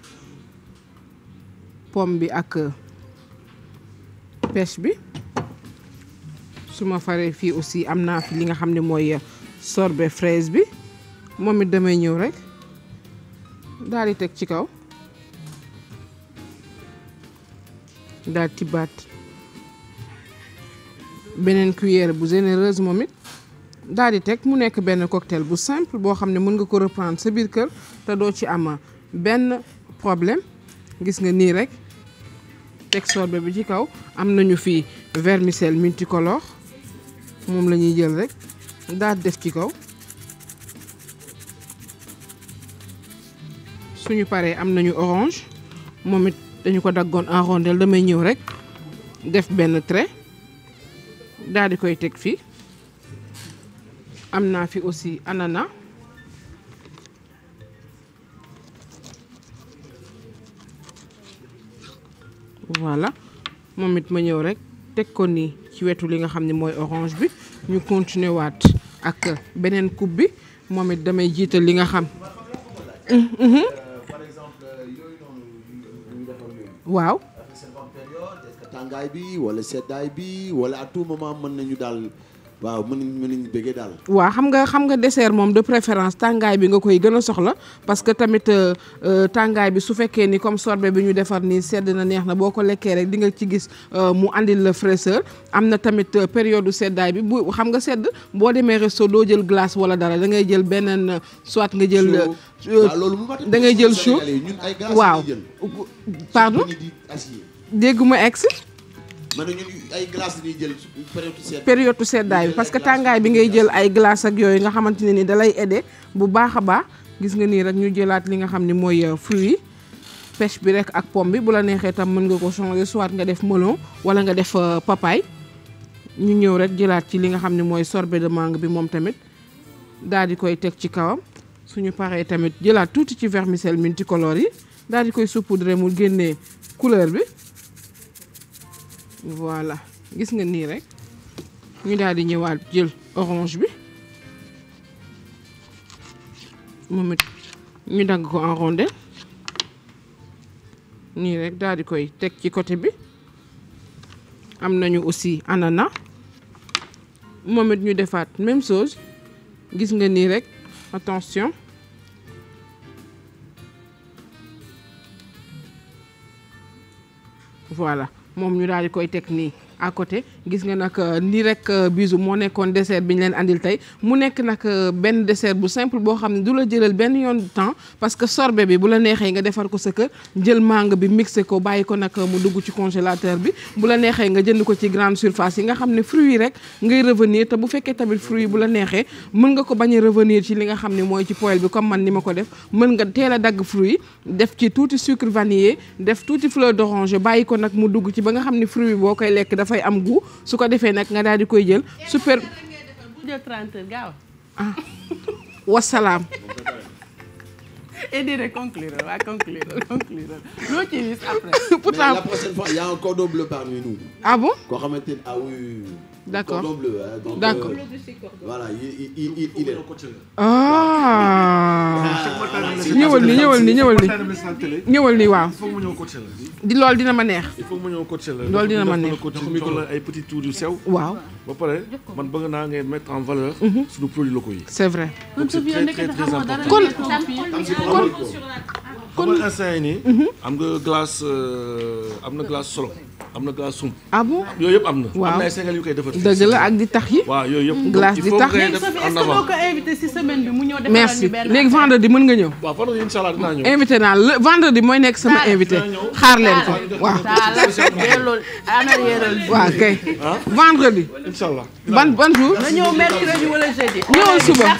pom bi ak pêche bi su ma faree fii aussi am naa fi li nga xam ne mooy sorbet fraise bi moom it damay ñëw rekk daal di teg ci kaw daal tibbaat beneen cuillère bu généreuse moom it daal di teg mu nekk benn cocktail bu simple boo xam ne mën nga ko reprendre sa biir kër te doo ci am benn problème gis nga nii rek teg sorbet bi ci kaw am nañu fi vermicelle multicolore moom la ñuy jël rek daal def ci kaw suñu paree am nañu orange moom it dañu ko daggoon en damay ñëw rek def benn trait daal koy teg fii am naa fi aussi anana voilà moom it ma ñëw rek teg ko nii ci wetu li nga xam ni mooy orange bi ñu continuer waat ak beneen coupe bi moom it damay jiital li nga xam. Mm-hmm. waaw tàngaay bi wala seddaay bi wala à tout moment mën nañu daal waaw mën nañu bëggee daal. waaw xam nga xam nga dessert moom de préférence tàngaay bi nga koy gën a soxla parce que tamit euh, euh, tàngaay bi su fekkee ni comme sorbet bi ñu defar nii sedd na neex na boo ko lekkee rek di nga ci gis euh, mu andil la fraîcheur am na tamit période du seddaay bi bu xam nga sedd boo demee resto doo jël glace wala dara da ngay jël beneen soit nga jël. Euh, da ngay jël chaud waaw pardon dégguma egsi ma ne seddaay bi parce que tàngaay bi ngay jël ay glace ak yooyu nga xamante ne ni dalay aidé bu baax a baax gis nga nii rek ñu jëlaat li nga xam ni mooy euh, fruit pêche bi rek ak pom bi bu la neexee tam mën nga ko changer soit nga def melon wala nga def euh, papaay ñu ñëw rek jëlaat ci li nga xam ne mooy sorbet de mangue bi moom tamit daal di koy teg ci kawam. suñu paree tamit jëlaat tuuti ci vermicelle multicolore yi daal di koy saupoudrer mu génne couleur bi voilà gis nga nii rek ñu daal di ñëwaat jël orange bi moom it ñu dagg ko en rondelle nii rek daal koy teg ci côté bi am nañu aussi anana moom it ñu defaat même chose gis nga nii rek attention la moom ñu daal di koy teg nii à côté gis nga nag euh, nii rek euh, bisu moo nekkoon dessert bi ñu leen andil tey mu nekk nag euh, benn dessert bu simple boo xam ne du la jëlal benn yoon temps parce que sorbet bi bu la neexee nga defar ko sa kër jël mangue bi mixé ko bàyyi ko nag mu dugg ci congélateur bi bu la neexee nga jënd ko ci grande surface yi nga xam ne fruits yi rek ngay revenir te bu fekkee tamit fruits yi bu la neexee mën nga ko bañ a revenir ci li nga xam ne mooy ci poêle bi comme man ni ma ko def mën nga teel a dagg fruits def ci tuuti sucre vanillé def tuuti fleur d'oranger bàyyi ko nag mu dugg ci ba nga xam ne fruits boo koy lekk dafay am goût su ko defee nag nga daal di koy jël super jël 30 heures gaaw ah wasalaam et bleu parmi nous. ah bon koo xamante ne ah D'accord. Cordon bleu. Hein, D'accord. Euh, voilà, il, il, il, il est. Ah. ni ñëwal ni ñëwal ni ñëwal ni waaw. il faut que mu ñëw coaché la. di lool dina ma neex. il faut que mu ñëw coaché la. loolu dina ma neex jox ko la ay petits tours yu sew. naa ngay mettre en valeur. Mhm. suñu produits locaux yi. c'est vrai. donc c'est très très très kon kon kon. nga instant mhm. am nga glace euh, am na glace solo. am na glace sump. ah yëpp am na. waaw am na ay sénégalais yu la ak di tax yi. waaw yooyu yëpp. glace di tax léegi Sophie bi mu ñëw defal ñu benn merci léegi vendredi mën nga ñëw. waaw vendredi incha allah dinaa ñëw. invité naa la vendredi mooy nekk sama invité. xaar leen ko waaw. waaw kay. Ah? vendredi. incha allah ban ban jour. ñëwal suba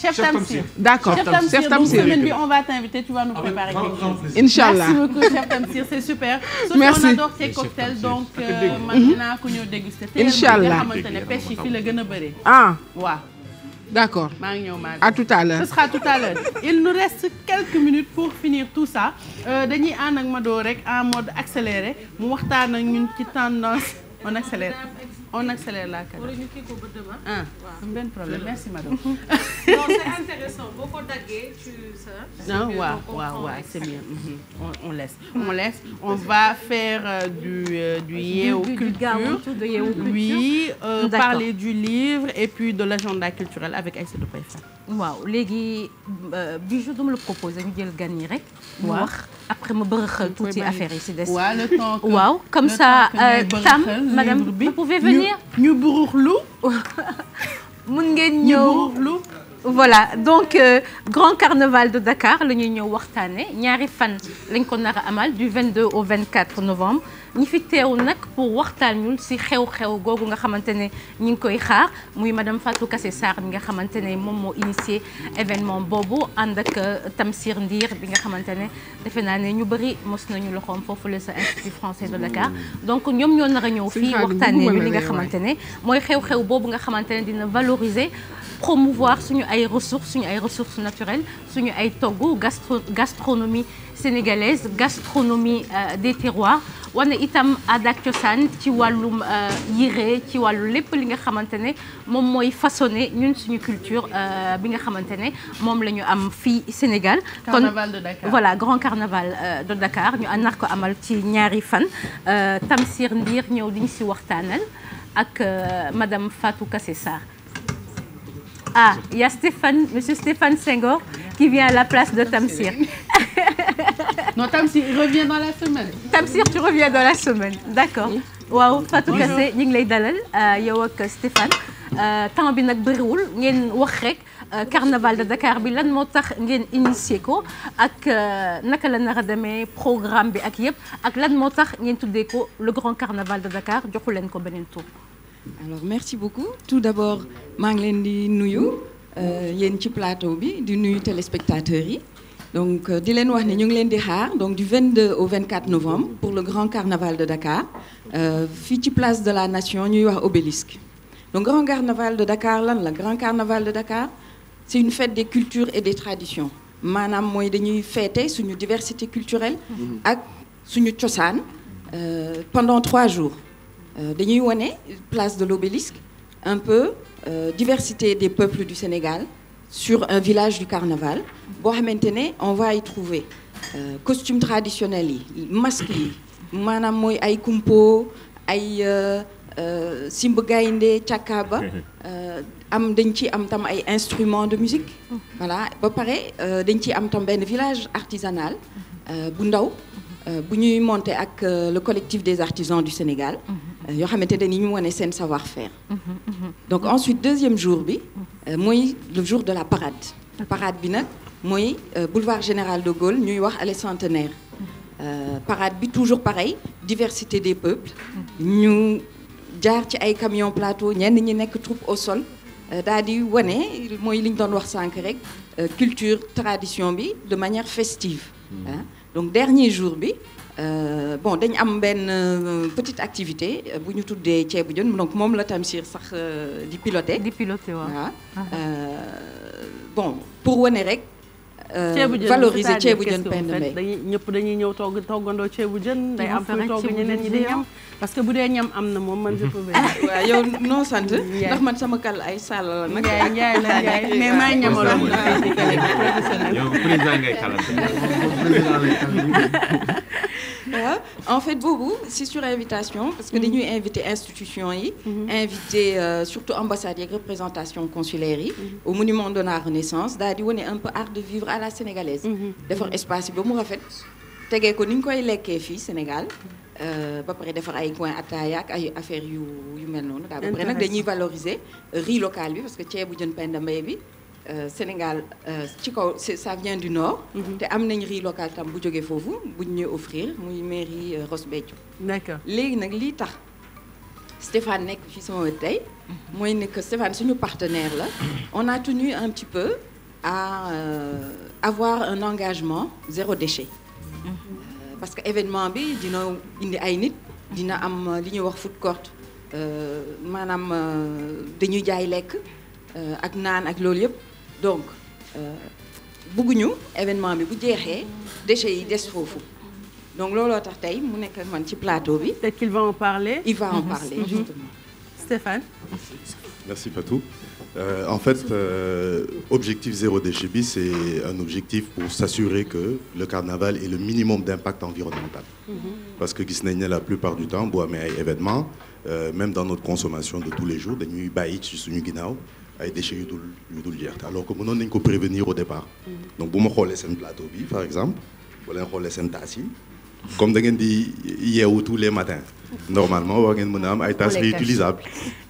Chef Tamsir d'accord Chef Tamsir semaine bi on va t'inviter tu vas nous ah préparer quelque chose inchallah Tamsir c'est super merci on adore tes donc euh, man dinaa ko ñëw déguster inchallah nga xamante ne pêche yi la gën a bëree ah d'accord maa ngi ñëw maa à tout à l'heure ce sera tout à l'heure il nous reste quelques minutes pour finir tout ça euh, dañuy ànd ak Mado rek en mode accéléré mu waxtaan ak ñun ci tendance on accélère on accélère la cadence. wala ñu kii ko ba demain. ah am benn problème merci madame. non c'est intéressant boo ko daggee ci sa. ah waaw waaw waaw c'est bien mhm. on on laisse. on laisse on va faire euh, euh, du du yeewu culture oui euh, parler du livre et puis de l'agenda culturel avec Aïssatou Paye Fall. waaw léegi euh, Bijou dama la proposer ñu jël gan yi rek. wax. après ma bërëxal tuuti affaire yi si des. waaw le temps que waaw comme ça euh, tam madame vous pouvez venir. ñu buruxlu. mun ngeen ñëw ñu buruxlu. voilà donc euh, grand carnaval de Dakar la ñuy ñëw waxtaane ñaari fan lañ ko nar a amal du 22 au 24 novembre ñi fi teew nag pour waxtaan ñu si xew-xew googu nga xamante ne ñi ngi koy xaar muy madame Fatou Kassé Sarr bi nga xamante ne moom moo initié événement boobu ànd ak euh, Tamsir Ndiir bi nga xamante ne defe naa ne ñu bëri mos nañu loxoom foofu la sa institut français de Dakar donc ñoom ñoo nar a ñëw fii waxtaane ñu li nga xamante ne mooy xew-xew boobu nga xamante ne dina valoriser promouvoir suñu ay ressources suñu ay ressources naturelles suñu ay togg gastro gastronomie sénégalaise gastronomie euh, des terroirs wane itam aada ak cosaan ci wàllum euh, yére ci wàllu lépp li nga xamante ne moom mooy façonné ñun suñu culture euh, bi nga xamante ne moom la ñu am fii Sénégal. carnaval de Dakar voilà grand carnaval de Dakar ñu àndar ko amal ci ñaari fan. Tamsir Ndir ñëw di si waxtaanal ak madame Fatou Kassé Sarr. Ah, il y a Stéphane, Monsieur Stéphane Senghor qui vient à la place de Tamsir. non, Tamsir, il revient dans la semaine. Tamsir, tu reviens dans la semaine. D'accord. waaw Fatou Kassé ñu ngi lay dalal euh, yow ak Stéphane euh, temps bi nag bëriwul ngeen wax rek euh, carnaval de Dakar bi lan moo tax ngeen initier ko ak naka la nar a demee programme bi ak yëpp ak lan moo tax ngeen tuddee ko le grand carnaval de Dakar joxu leen ko beneen tur. alors merci beaucoup tout d'abord maa ngi leen di nuyu euh, yéen ci plateau bi di nuyu téléspectateurs yi donc euh, di leen wax ne ñu ngi leen di xaar donc du 22 au 24 novembre pour le grand carnaval de Dakar euh, fii ci place de la nation ñuy wax obélisque donc grand carnaval de Dakar lan la grand carnaval de Dakar c'est une fête des cultures et des tradition maanaam mooy dañuy feete suñu diversité culturelle mm-hmm. ak suñu cosaan pendant trois jours Euh, dañuy wane place de l'obélisque un peu euh, diversité des peuples du Sénégal sur un village du carnaval boo xamante ne on va y trouver euh, costume traditionnel yi masque yi maanaam mooy ay kumpo ay euh, simb gaynde càkkaaba am dañ ci am tam ay instruments de musique mm. voilà ba pare dañ ci am tam benn village artisanal bu ndaw Euh, bu ñuy monter ak euh, le collectif des artisans du Sénégal. Mm-hmm, mm-hmm. Euh, yoo xamante ne ñu wane seen savoir-faire. Mm-hmm, donc ensuite deuxième jour bi. mooy le jour de la parade. parade bi nag mooy boulevard général de Gaulle ñuy wax allée centenaire. parade bi toujours pareil diversité des peuples. ñu jaar ci ay camions plateau ñenn ñi nekk troupe au sol. daal di wane mooy li ñu doon wax sànq rek culture tradition bi de manière festive. donc dernier jour bi euh, bon dañ am benn euh, petite activité euh, bu ñu tuddee ceebu jën donc moom la Tamsir sax di piloté. di piloté waaw ah. Ah, ah. bon pour wane rek. ceebu jën valoriser ceebu jën. peine de mbay dañuy ñëpp dañuy ñëw togg toggandoo ceebu jën. day am kuy togg ñeneen ñi di am parce que bu dee ñam am na moom man je peux venir. Ah, waaw yow man sama kàll ay sàll la en fait boobu c'est sur invitation parce que mm-hmm. dañuy invité institution yi mm-hmm. invité euh, surtout ambassades yeeg représentation consulaire yi mm-hmm. au de la renaissance daal di wane un peu art de ba mu rafet tegee ko ni ñu koy lekkee fii Sénégal Euh, ba pare defar ay coin ataaya ak ay affaire yu yu mel noonu. daal ba pare nag dañuy valoriser riz local bi parce que ceebu jën Penda Mbaye bi. Euh, Sénégal euh, ci kaw sa vient du nord. Mm-hmm. te am nañ riz local tam bu jógee foofu bu ñu ñuy offrir muy mairie Ross Béthio. d'accord léegi nag lii tax Stéphane nekk fii sama wet tey. Mm-hmm. mooy ne que Stéphane suñu partenaire la. on a tenu un petit peu à avoir un engagement zéro déchet. parce que événement bi dina indi ay nit dina am euh, li ñuy wax food court euh, maanaam euh, dañuy jaay lekk ak naan ak loolu yëpp donc bëgguñu événement bi bu jeexee déchets yi des foofu donc looloo tax tey mu nekk man ci plateau bi. peut-être qu'il va en parler. il va en mhm. parler mhm. justement. Stéphane. Euh, en fait, euh, objectif zéro déchet bis, c'est un objectif pour s'assurer que le carnaval ait le minimum d'impact environnemental. Mm -hmm. Parce que Gisnayne, la plupart du temps, boit mais événements, euh, même dans notre consommation de tous les jours, des nuits baïch, des guinao, des déchets Alors que nous avons prévenir au départ. Mm -hmm. Donc, si je regarde un plateau, par exemple, si je regarde un tassi, comme vous dites, tous les matins, normalement, vous avez des tasses réutilisables.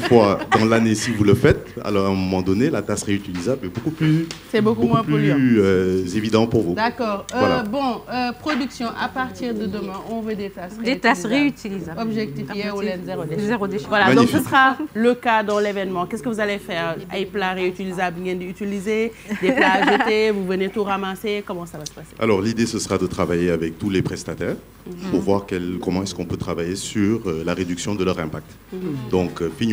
cinq fois dans l'année si vous le faites, alors à un moment donné, la tasse réutilisable est beaucoup plus, c'est beaucoup, beaucoup moins euh, évident pour vous. D'accord. Euh, euh, production, à partir de demain, on veut des tasses réutilisables. Des hier ou zéro déchet. Zéro déchet. donc ce sera le cas dans l'événement. Qu'est-ce que vous allez faire Des plats réutilisables, bien d'utiliser, des plats vous venez tout comment ça va se passer l'idée, ce sera de travailler avec tous les prestataires pour mhm. voir comment est-ce qu'on peut la réduction de leur impact. Mhm.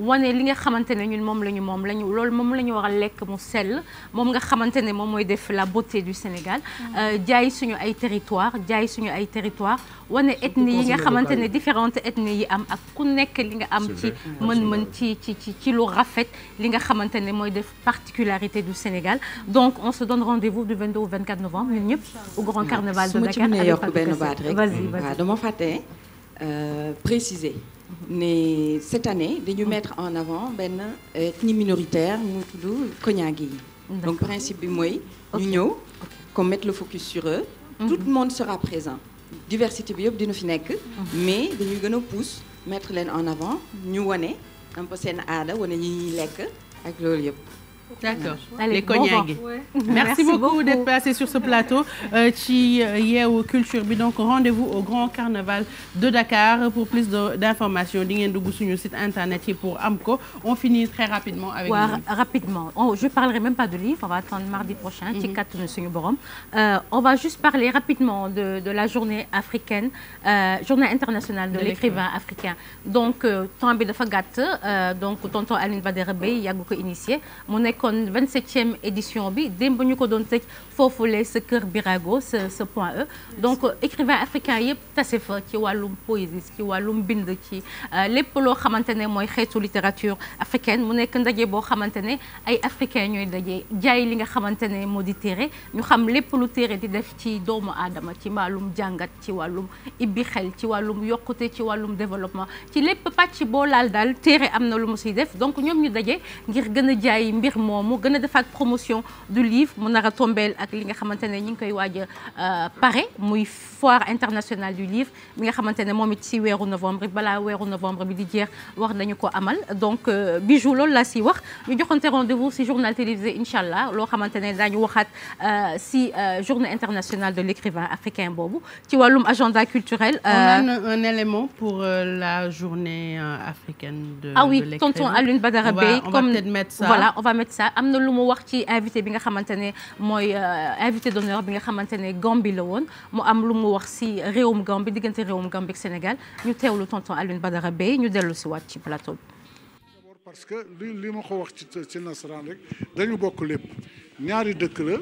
wane li nga xamante ne ñun moom la ñu moom la ñu loolu moom la ñu war a lekk mu sell moom nga xamante ne moom mooy def la beauté du Sénégal mm. euh, jaay suñu ay territoire jaay suñu ay territoire wane ethnie yi nga xamante ne différentes ethnies yi am ak ku nekk li nga am ci mën-mën ci ci ci ci lu rafet li nga xamante ne mooy def particularité du Sénégal donc on se donne rendez-vous du 22 au 24 novembre ñun ñëpp au grand carnaval de Dakar su ma ci mënee yokk benn baat rek waaw dama fàtte euh, préciser ne cette année dañu mm. mettre en avant benn euh, ethnie minoritaire mu tudd Kognagi yi donc principe bi mooy ñu ñëw qu'on mette le focus sur eux mm-hmm. tout le monde sera présent diversité bi yëpp dina fi nekk mm-hmm. mais dañuy gën a pousse mettre leen en avant ñu wane un peu seen aada wane ñi ñuy lekk ak loolu yëpp d'accord les cognats gi merci beaucoup d'être passé sur ce plateau euh, ci euh, yeewu culture bi donc rendez-vous au grand carnaval de Dakar pour plus d'informations di ngeen dugg suñu site internet yi pour am on finit très rapidement avec rapidement oh, je parlerai même pas de livre on va attendre mardi prochain ci mhm. kattanu suñu borom euh, on va juste parler rapidement de la journée africaine journée internationale de l'écrivain africain donc temps bi dafa gàtt donc tonton Aline Badara Bey yàgg ko initié nekkoon 27e édition bi démb ñu ko doon tëj foofule sa kër Birago sa sa point E donc euh, écrivain africain yëpp tase fa ci wàllum poésie ci wàllum bind ci euh, lépp loo xamante ne mooy xeetu littérature africaine mu nekk ndaje boo xamante ne ay africain ñooy daje jaay li nga xamante ne moo di téere ñu xam lépp lu téere di def ci doomu aadama ci wàllum jàngat ci wàllum ibbi xel ci wàllum yokkute ci wàllum développement ci lépp pàcc boo laal daal téere am na lu mu siy def donc ñoom ñu daje ngir gën moomu gën a defaat promotion du livre mu nar a tombeel ak li nga xamante ne ñu ngi koy waaj a euh, pare muy foire internationale du livre mi nga xamante ne moom it si weeru novembre balaa weeru novembre bi di jeex wax nañu ko amal donc euh, bijou loolu laa si wax ñu joxante rendez-vous si journal télévisé incha allah loo xamante ne daañu waxaat si euh, journée internationale de l'écrivain africain boobu ci wàllum agenda culturel. on a un élément pour la journée africaine de l'écrivain. ah oui tonton Alioune Badara Bey comme on va peut-être mettre ça voilà on va mettre ça ça am na lu mu wax ci invité bi nga xamante ne mooy euh, invité d'honneur bi nga xamante ne Gambie la woon mu am lu mu wax si réewum Gambie diggante réewum Gambie ak Sénégal ñu teew teewlu tonton Alioune Badara Beye ñu dellu si waat ci plateau bi. parce que li li ma ko wax ci ci rek dañu bokk lépp ñaari dëkk la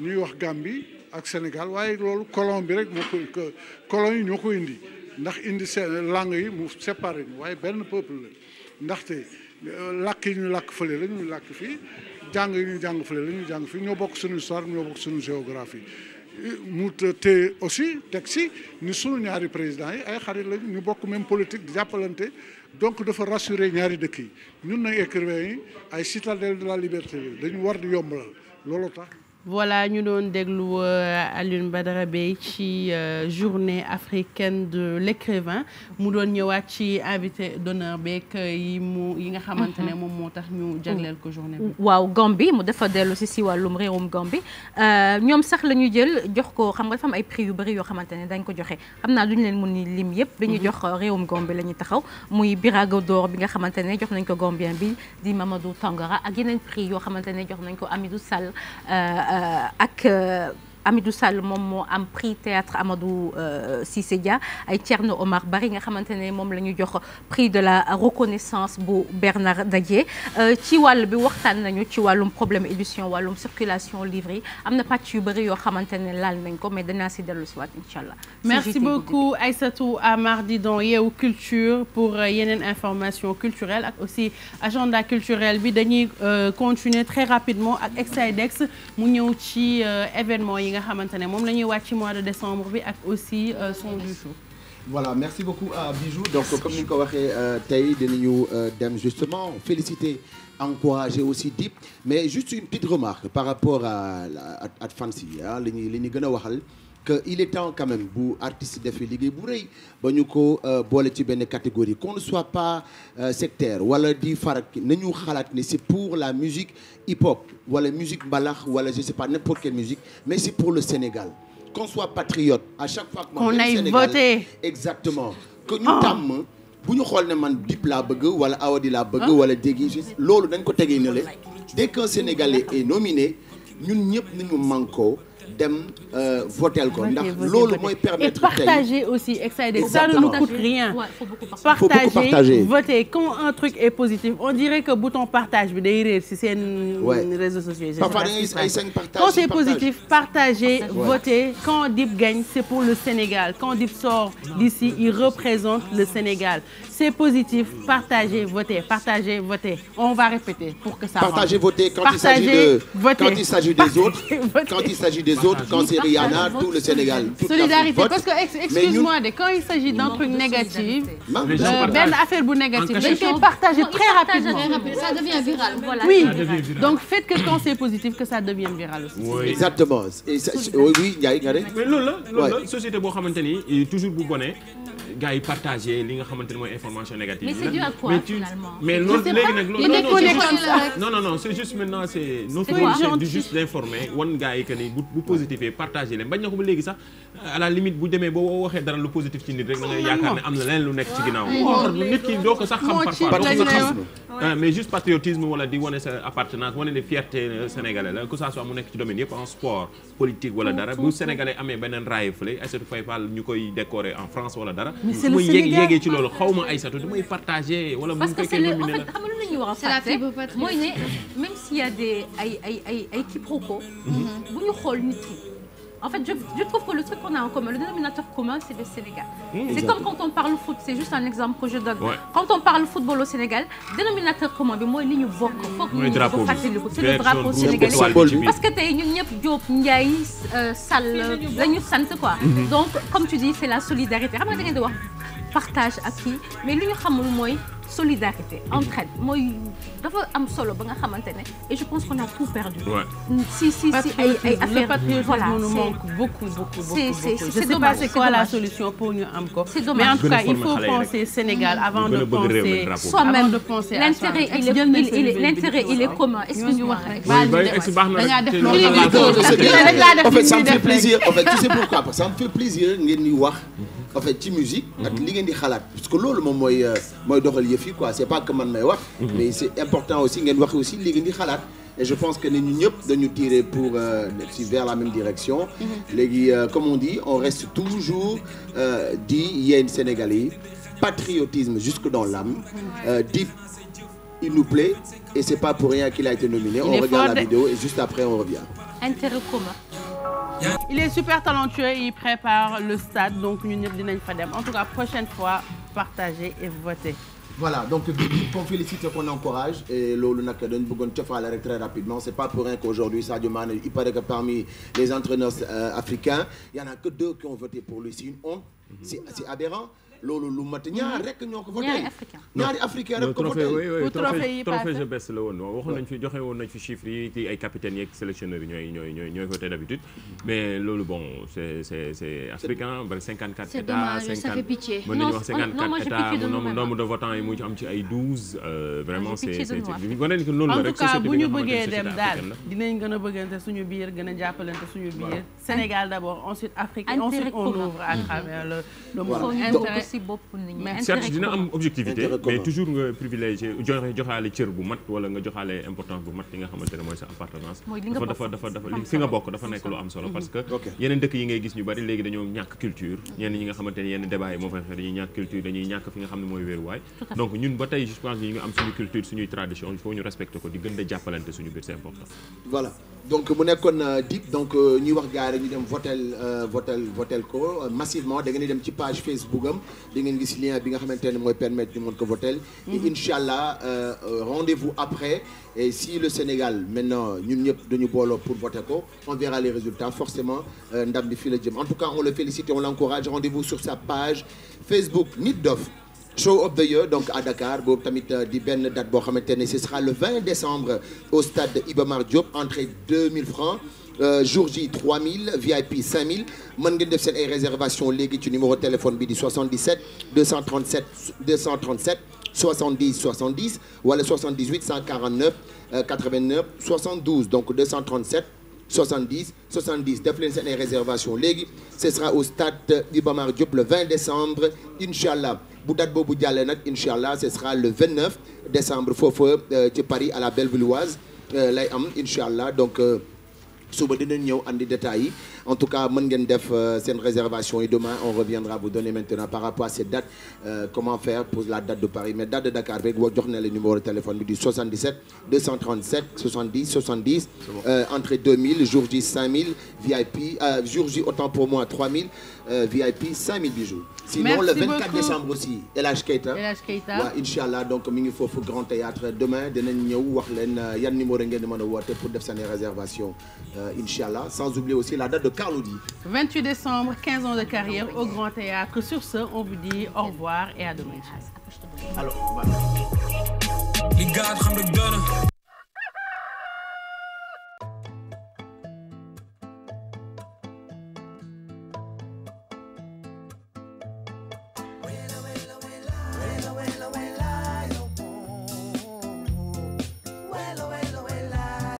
ñuy wax Gambie ak Sénégal waaye loolu colon rek moo ko colon ñoo ko indi ndax indi seen langue yi mu séparé ñu waaye benn peuple la ndaxte. làkk yi ñu làkk fële la ñuy làkk fii jàng yi ñuy jàng fële la ñuy jàng fii ñoo bokk suñu histoire ñoo bokk suñu géographie mu te aussi teg si ni suñu ñaari président yi ay xarit lañu ñu bokk même politique di jàppalante donc dafa rassurer ñaari dëkk yi ñun nag écrivain yi ay citadelle de la liberté dañu war di yombalal loolu tax voilà ñu doon déglu euh, Alioune Badara Beye ci euh, journée africaine de l'écrivain mu doon ñëwaat ci invité d'honneur beeg euh, yi mu yi nga xamante ne mhm. moom moo tax ñu jagleel ko journée bi. waaw Gambie mu dafa dellu si si wàllum réewum Gambie ñoom sax la ñuy jël jox ko xam nga dafa ay pri yu bari yoo xamante ne dañ ko joxe xam naa ñu leen mun ni lim yëpp. Mhm. ñu jox réewum Gambie la ñuy taxaw muy Birago d'or bi nga xamante ne jox nañ ko gombien bi di Mamadou Tangara ak yeneen prix yoo xamante ne jox nañ ko Amidou Sall. Euh, ak euh, Amidou Sall moom moo am prix théâtre Amadou euh, Cissé Dia ay Thierno Omar Bari nga xamante ne moom la ñu jox prix de la reconnaissance bu Bernard Didier euh, ci wàll bi waxtaan nañu ci wàllum problème édition wàllum circulation livre yi am na pàcc yu bëri yoo xamante ne laal nañ ko mais danaa si dellu si waat incha allah. merci beaucoup Aïssatou à mardi dans Yeewu Culture pour euh, yeneen information culturelle ak aussi agenda culturel bi dañuy continuer très rapidement ak Excidex mu ñëw ci événement yi. nga xamante ne moom la ñuy wàcc ci mois de décembre bi ak aussi euh, son du jour. voilà merci beaucoup à Bijou donc comme ni nga ko waxee euh, tey dinañu euh, dem justement féliciter encourager aussi Dip mais juste une petite remarque par rapport à à à Fancy ah li ñuy li ñu gën a waxal. que il est temps quand même bu artiste defee liggéey bu rëy ba ñu ko euh, boole ci benn catégorie qu'on ne soit pas euh, sectaire wala di farak nañu xalaat ne c'est pour la musique hip-hop wala musique mbalax wala je sais pas n'importe quelle musique mais c'est pour le Sénégal qu'on soit patriote à chaque fois qu'on aille voter exactement que ñu ah. tàmm bu ñu xool ne man Dip laa bëgg wala Awadi laa bëgg ah. wala Dégui loolu dañ ko tegee ne le dès qu'un Sénégalais est nominé ñun ñëpp nañu manko dem euh, votel ko ndax loolu mooy permettre tey et partager aussi excited ça ne nous coûte rien partager voter quand un truc est positif on dirait que bouton partage bi day réer si seen réseaux sociaux parfois dañuy ay cinq partage quand c'est positif partager voter quand Dip gagne c'est pour le Sénégal quand Dip sort d'ici il représente le Sénégal c'est positif. Partagez, votez, partagez, votez. On va répéter pour que ça Partagez, rentre. votez quand partagez, il s'agit de votez. quand il des autres, quand il s'agit des autres, quand c'est tout le Sénégal. Solidarité parce que quand il s'agit d'un truc négatif, euh, affaire bu négatif dañ koy partager très rapidement. Ça devient viral Oui. Donc faites que quand c'est viral aussi. Exactement. Et ça oui Ndiaye nga ne. Mais loolu la loolu la société boo xamante ni toujours bu bonee gars yi partagé li nga xamante ne mooy information négative. mais c'est dû à quoi finalement mais loolu léegi nag loolu non non non c'est juste maintenant c'est nos fonctions ba la limite bu demee boo waxee dara lu positif ci nit rek da ngay yaakaar ne am na leneen lu nekk ci ginnaaw or nit ki doo ko sax xam parfois mais juste patriotisme wala di wane sa appartenance wane ne fierté euh, sénégalais la que ça soit mu nekk ci domaine yëpp en sport politique wala dara bu sénégalais amee beneen raay fële Aïssatou koy décorer en France wala dara mais c'est le Sénégal muy yegg ci loolu xaw ma Aïssatou damay partagé wala bu ñu fekkee ñu ne la mooy ne même s'il a ay ay ay ay quiproquos. Mhm. bu ñu xool nit En fait, je, je trouve que le truc qu'on a en commun, le dénominateur commun, c'est le Sénégal. Mmh, c'est comme quand on parle foot, c'est juste un exemple que je donne. Ouais. Quand on parle football au Sénégal, dénominateur commun, mais moi, ligne bok, faut que nous fassions C'est le drapeau sénégalais. Parce que t'es une nièce, diop, niaïs, euh, sale, la sante quoi. Mmh. Donc, comme tu dis, c'est la solidarité. Partage acquis, mais l'union, solidarité entraide mooy dafa am solo ba nga xamante ne et je pense qu'on a tout perdu. si si si ay ay affaires voilà c'est quoi la solution pour ñu am ko. c'est dommage il faut penser Sénégal mm. avant de penser soi-même l'intérêt il est l'intérêt il est commun est-ce que ñu wax rek. def en fait ça plaisir en pourquoi ça me plaisir ngeen di wax. en fait ci musique ak mhm. li ngeen di xalaat parce que loolu moom mooy euh, mooy doxal yëf yi quoi c'est pas que man may wax mhm. mais c'est important aussi ngeen wax aussi li ngeen di xalaat et je pense que ni ñu ñëpp dañu tirer pour si euh, vers la même direction mhm. léegi euh, comme on dit on reste toujours di yéen Sénégalais yi patriotisme jusque dans l'âme di il nous plaît et c'est pas pour rien qu'il a été nominé on regarde la vidéo et juste après on revient intérêt commun il est super talentueux il prépare le stade donc ñun ñëpp dinañ fa dem en tout cas prochaine fois partagez et votez. voilà donc qu'on félicite qu'on encourage et loolu nag dañ bëggoon cofaale rek très rapidement c'est pas pour rien qu'aujourd'hui Sadio Mané il paraît que parmi les entraîneurs euh, africains il y en a que deux qui ont voté pour lui c'est une honte c'est aberrant loolu lu mat ñaar mhm. rek ñoo ko voté ñaari africain ñaari trophée trophée je la woon non waxoon nañ fi joxe woon nañ fi chiffres yi ci ay capitaines yeeg sélectionneurs yi ñooy ñooy ñooy ñooy voté d'habitude mhm. mais loolu bon c'est c'est c'est africain bari 54 états 50 mën nañu wax 54 états nombre nombre de votants yi mu am ci ay 12 euh, vraiment c'est c'est wane ni que loolu la rek en tout cas bu ñu bëggee dem daal dinañ gën a bëggante suñu biir gën a jàppalante suñu biir Sénégal d'abord ensuite Afrique ensuite on ouvre si bopp nit ñi. dina am objectivité mais toujours nga privilégié joxe joxaale cër bu mat wala nga joxaale importance bu mat li nga xamante mooy sa appartenance. mooy li dafa dafa dafa fi nga bokk dafa nekk lu am solo. Mm-hmm. parce que yeneen dëkk yi ngay gis ñu bari léegi dañoo ñàkk culture. ñenn ñi nga xamante yenn débat yi moo fay xew dañuy ñàkk culture dañuy ñàkk fi nga xam ne mooy wéeruwaay. donc ñun ba tey je pense ñu ngi am suñu culture suñuy tradition di ngeen gis lien bi nga xamante ne mooy permettre ñu mën ko votel et mhm. incha allah euh, euh, rendez-vous après et si le Sénégal maintenant ñun ñëpp dañu booloo pour voter ko on verra les résultats forcément euh, ndam bi fii la jëm en tout cas on le félicite et on l'encourage rendez-vous sur sa page Facebook Nit Dof show of the year donc à Dakar boobu tamit di benn date boo xamante ne ce sera le 20 décembre au stade Iba Mar Diop entrée francs Euh, jour J 3000 VIP 5000 mën ngeen def seen ay réservation léegi ci numéro téléphone bi di 77 237 237 70 70 wala 78 149 89 72 donc 237 70 70 def leen seen ay réservation léegi ce sera au stade Iba Mar Diop le 20 décembre incha allah bu date boobu jàllee nag incha allah ce sera le 29 décembre foofa euh, ci Paris à la Bellevilloise euh, lay am incha allah donc. suba dinañ ñëw andi détails tout cas mën ngeen def euh, seen réservation yi demain on reviendra vous donner maintenant euh, jox na le numéro de téléphone bi du 77 237 70 70 euh, entrée 2000 jour J 5000 Euh, VIP 5000 bijoux. sinon le 24 décembre aussi El Hadj Keita. El Keita waaw incha donc mi ngi foofu grand théâtre demain dinañ ñëw wax leen euh, yan numéro ngeen di mën a woote pour def seen réservation euh, incha allah sans oublier aussi la date de Carlou décembre 15 ans de carrière au grand théâtre sur ce on vous dit au revoir et à demain. alors.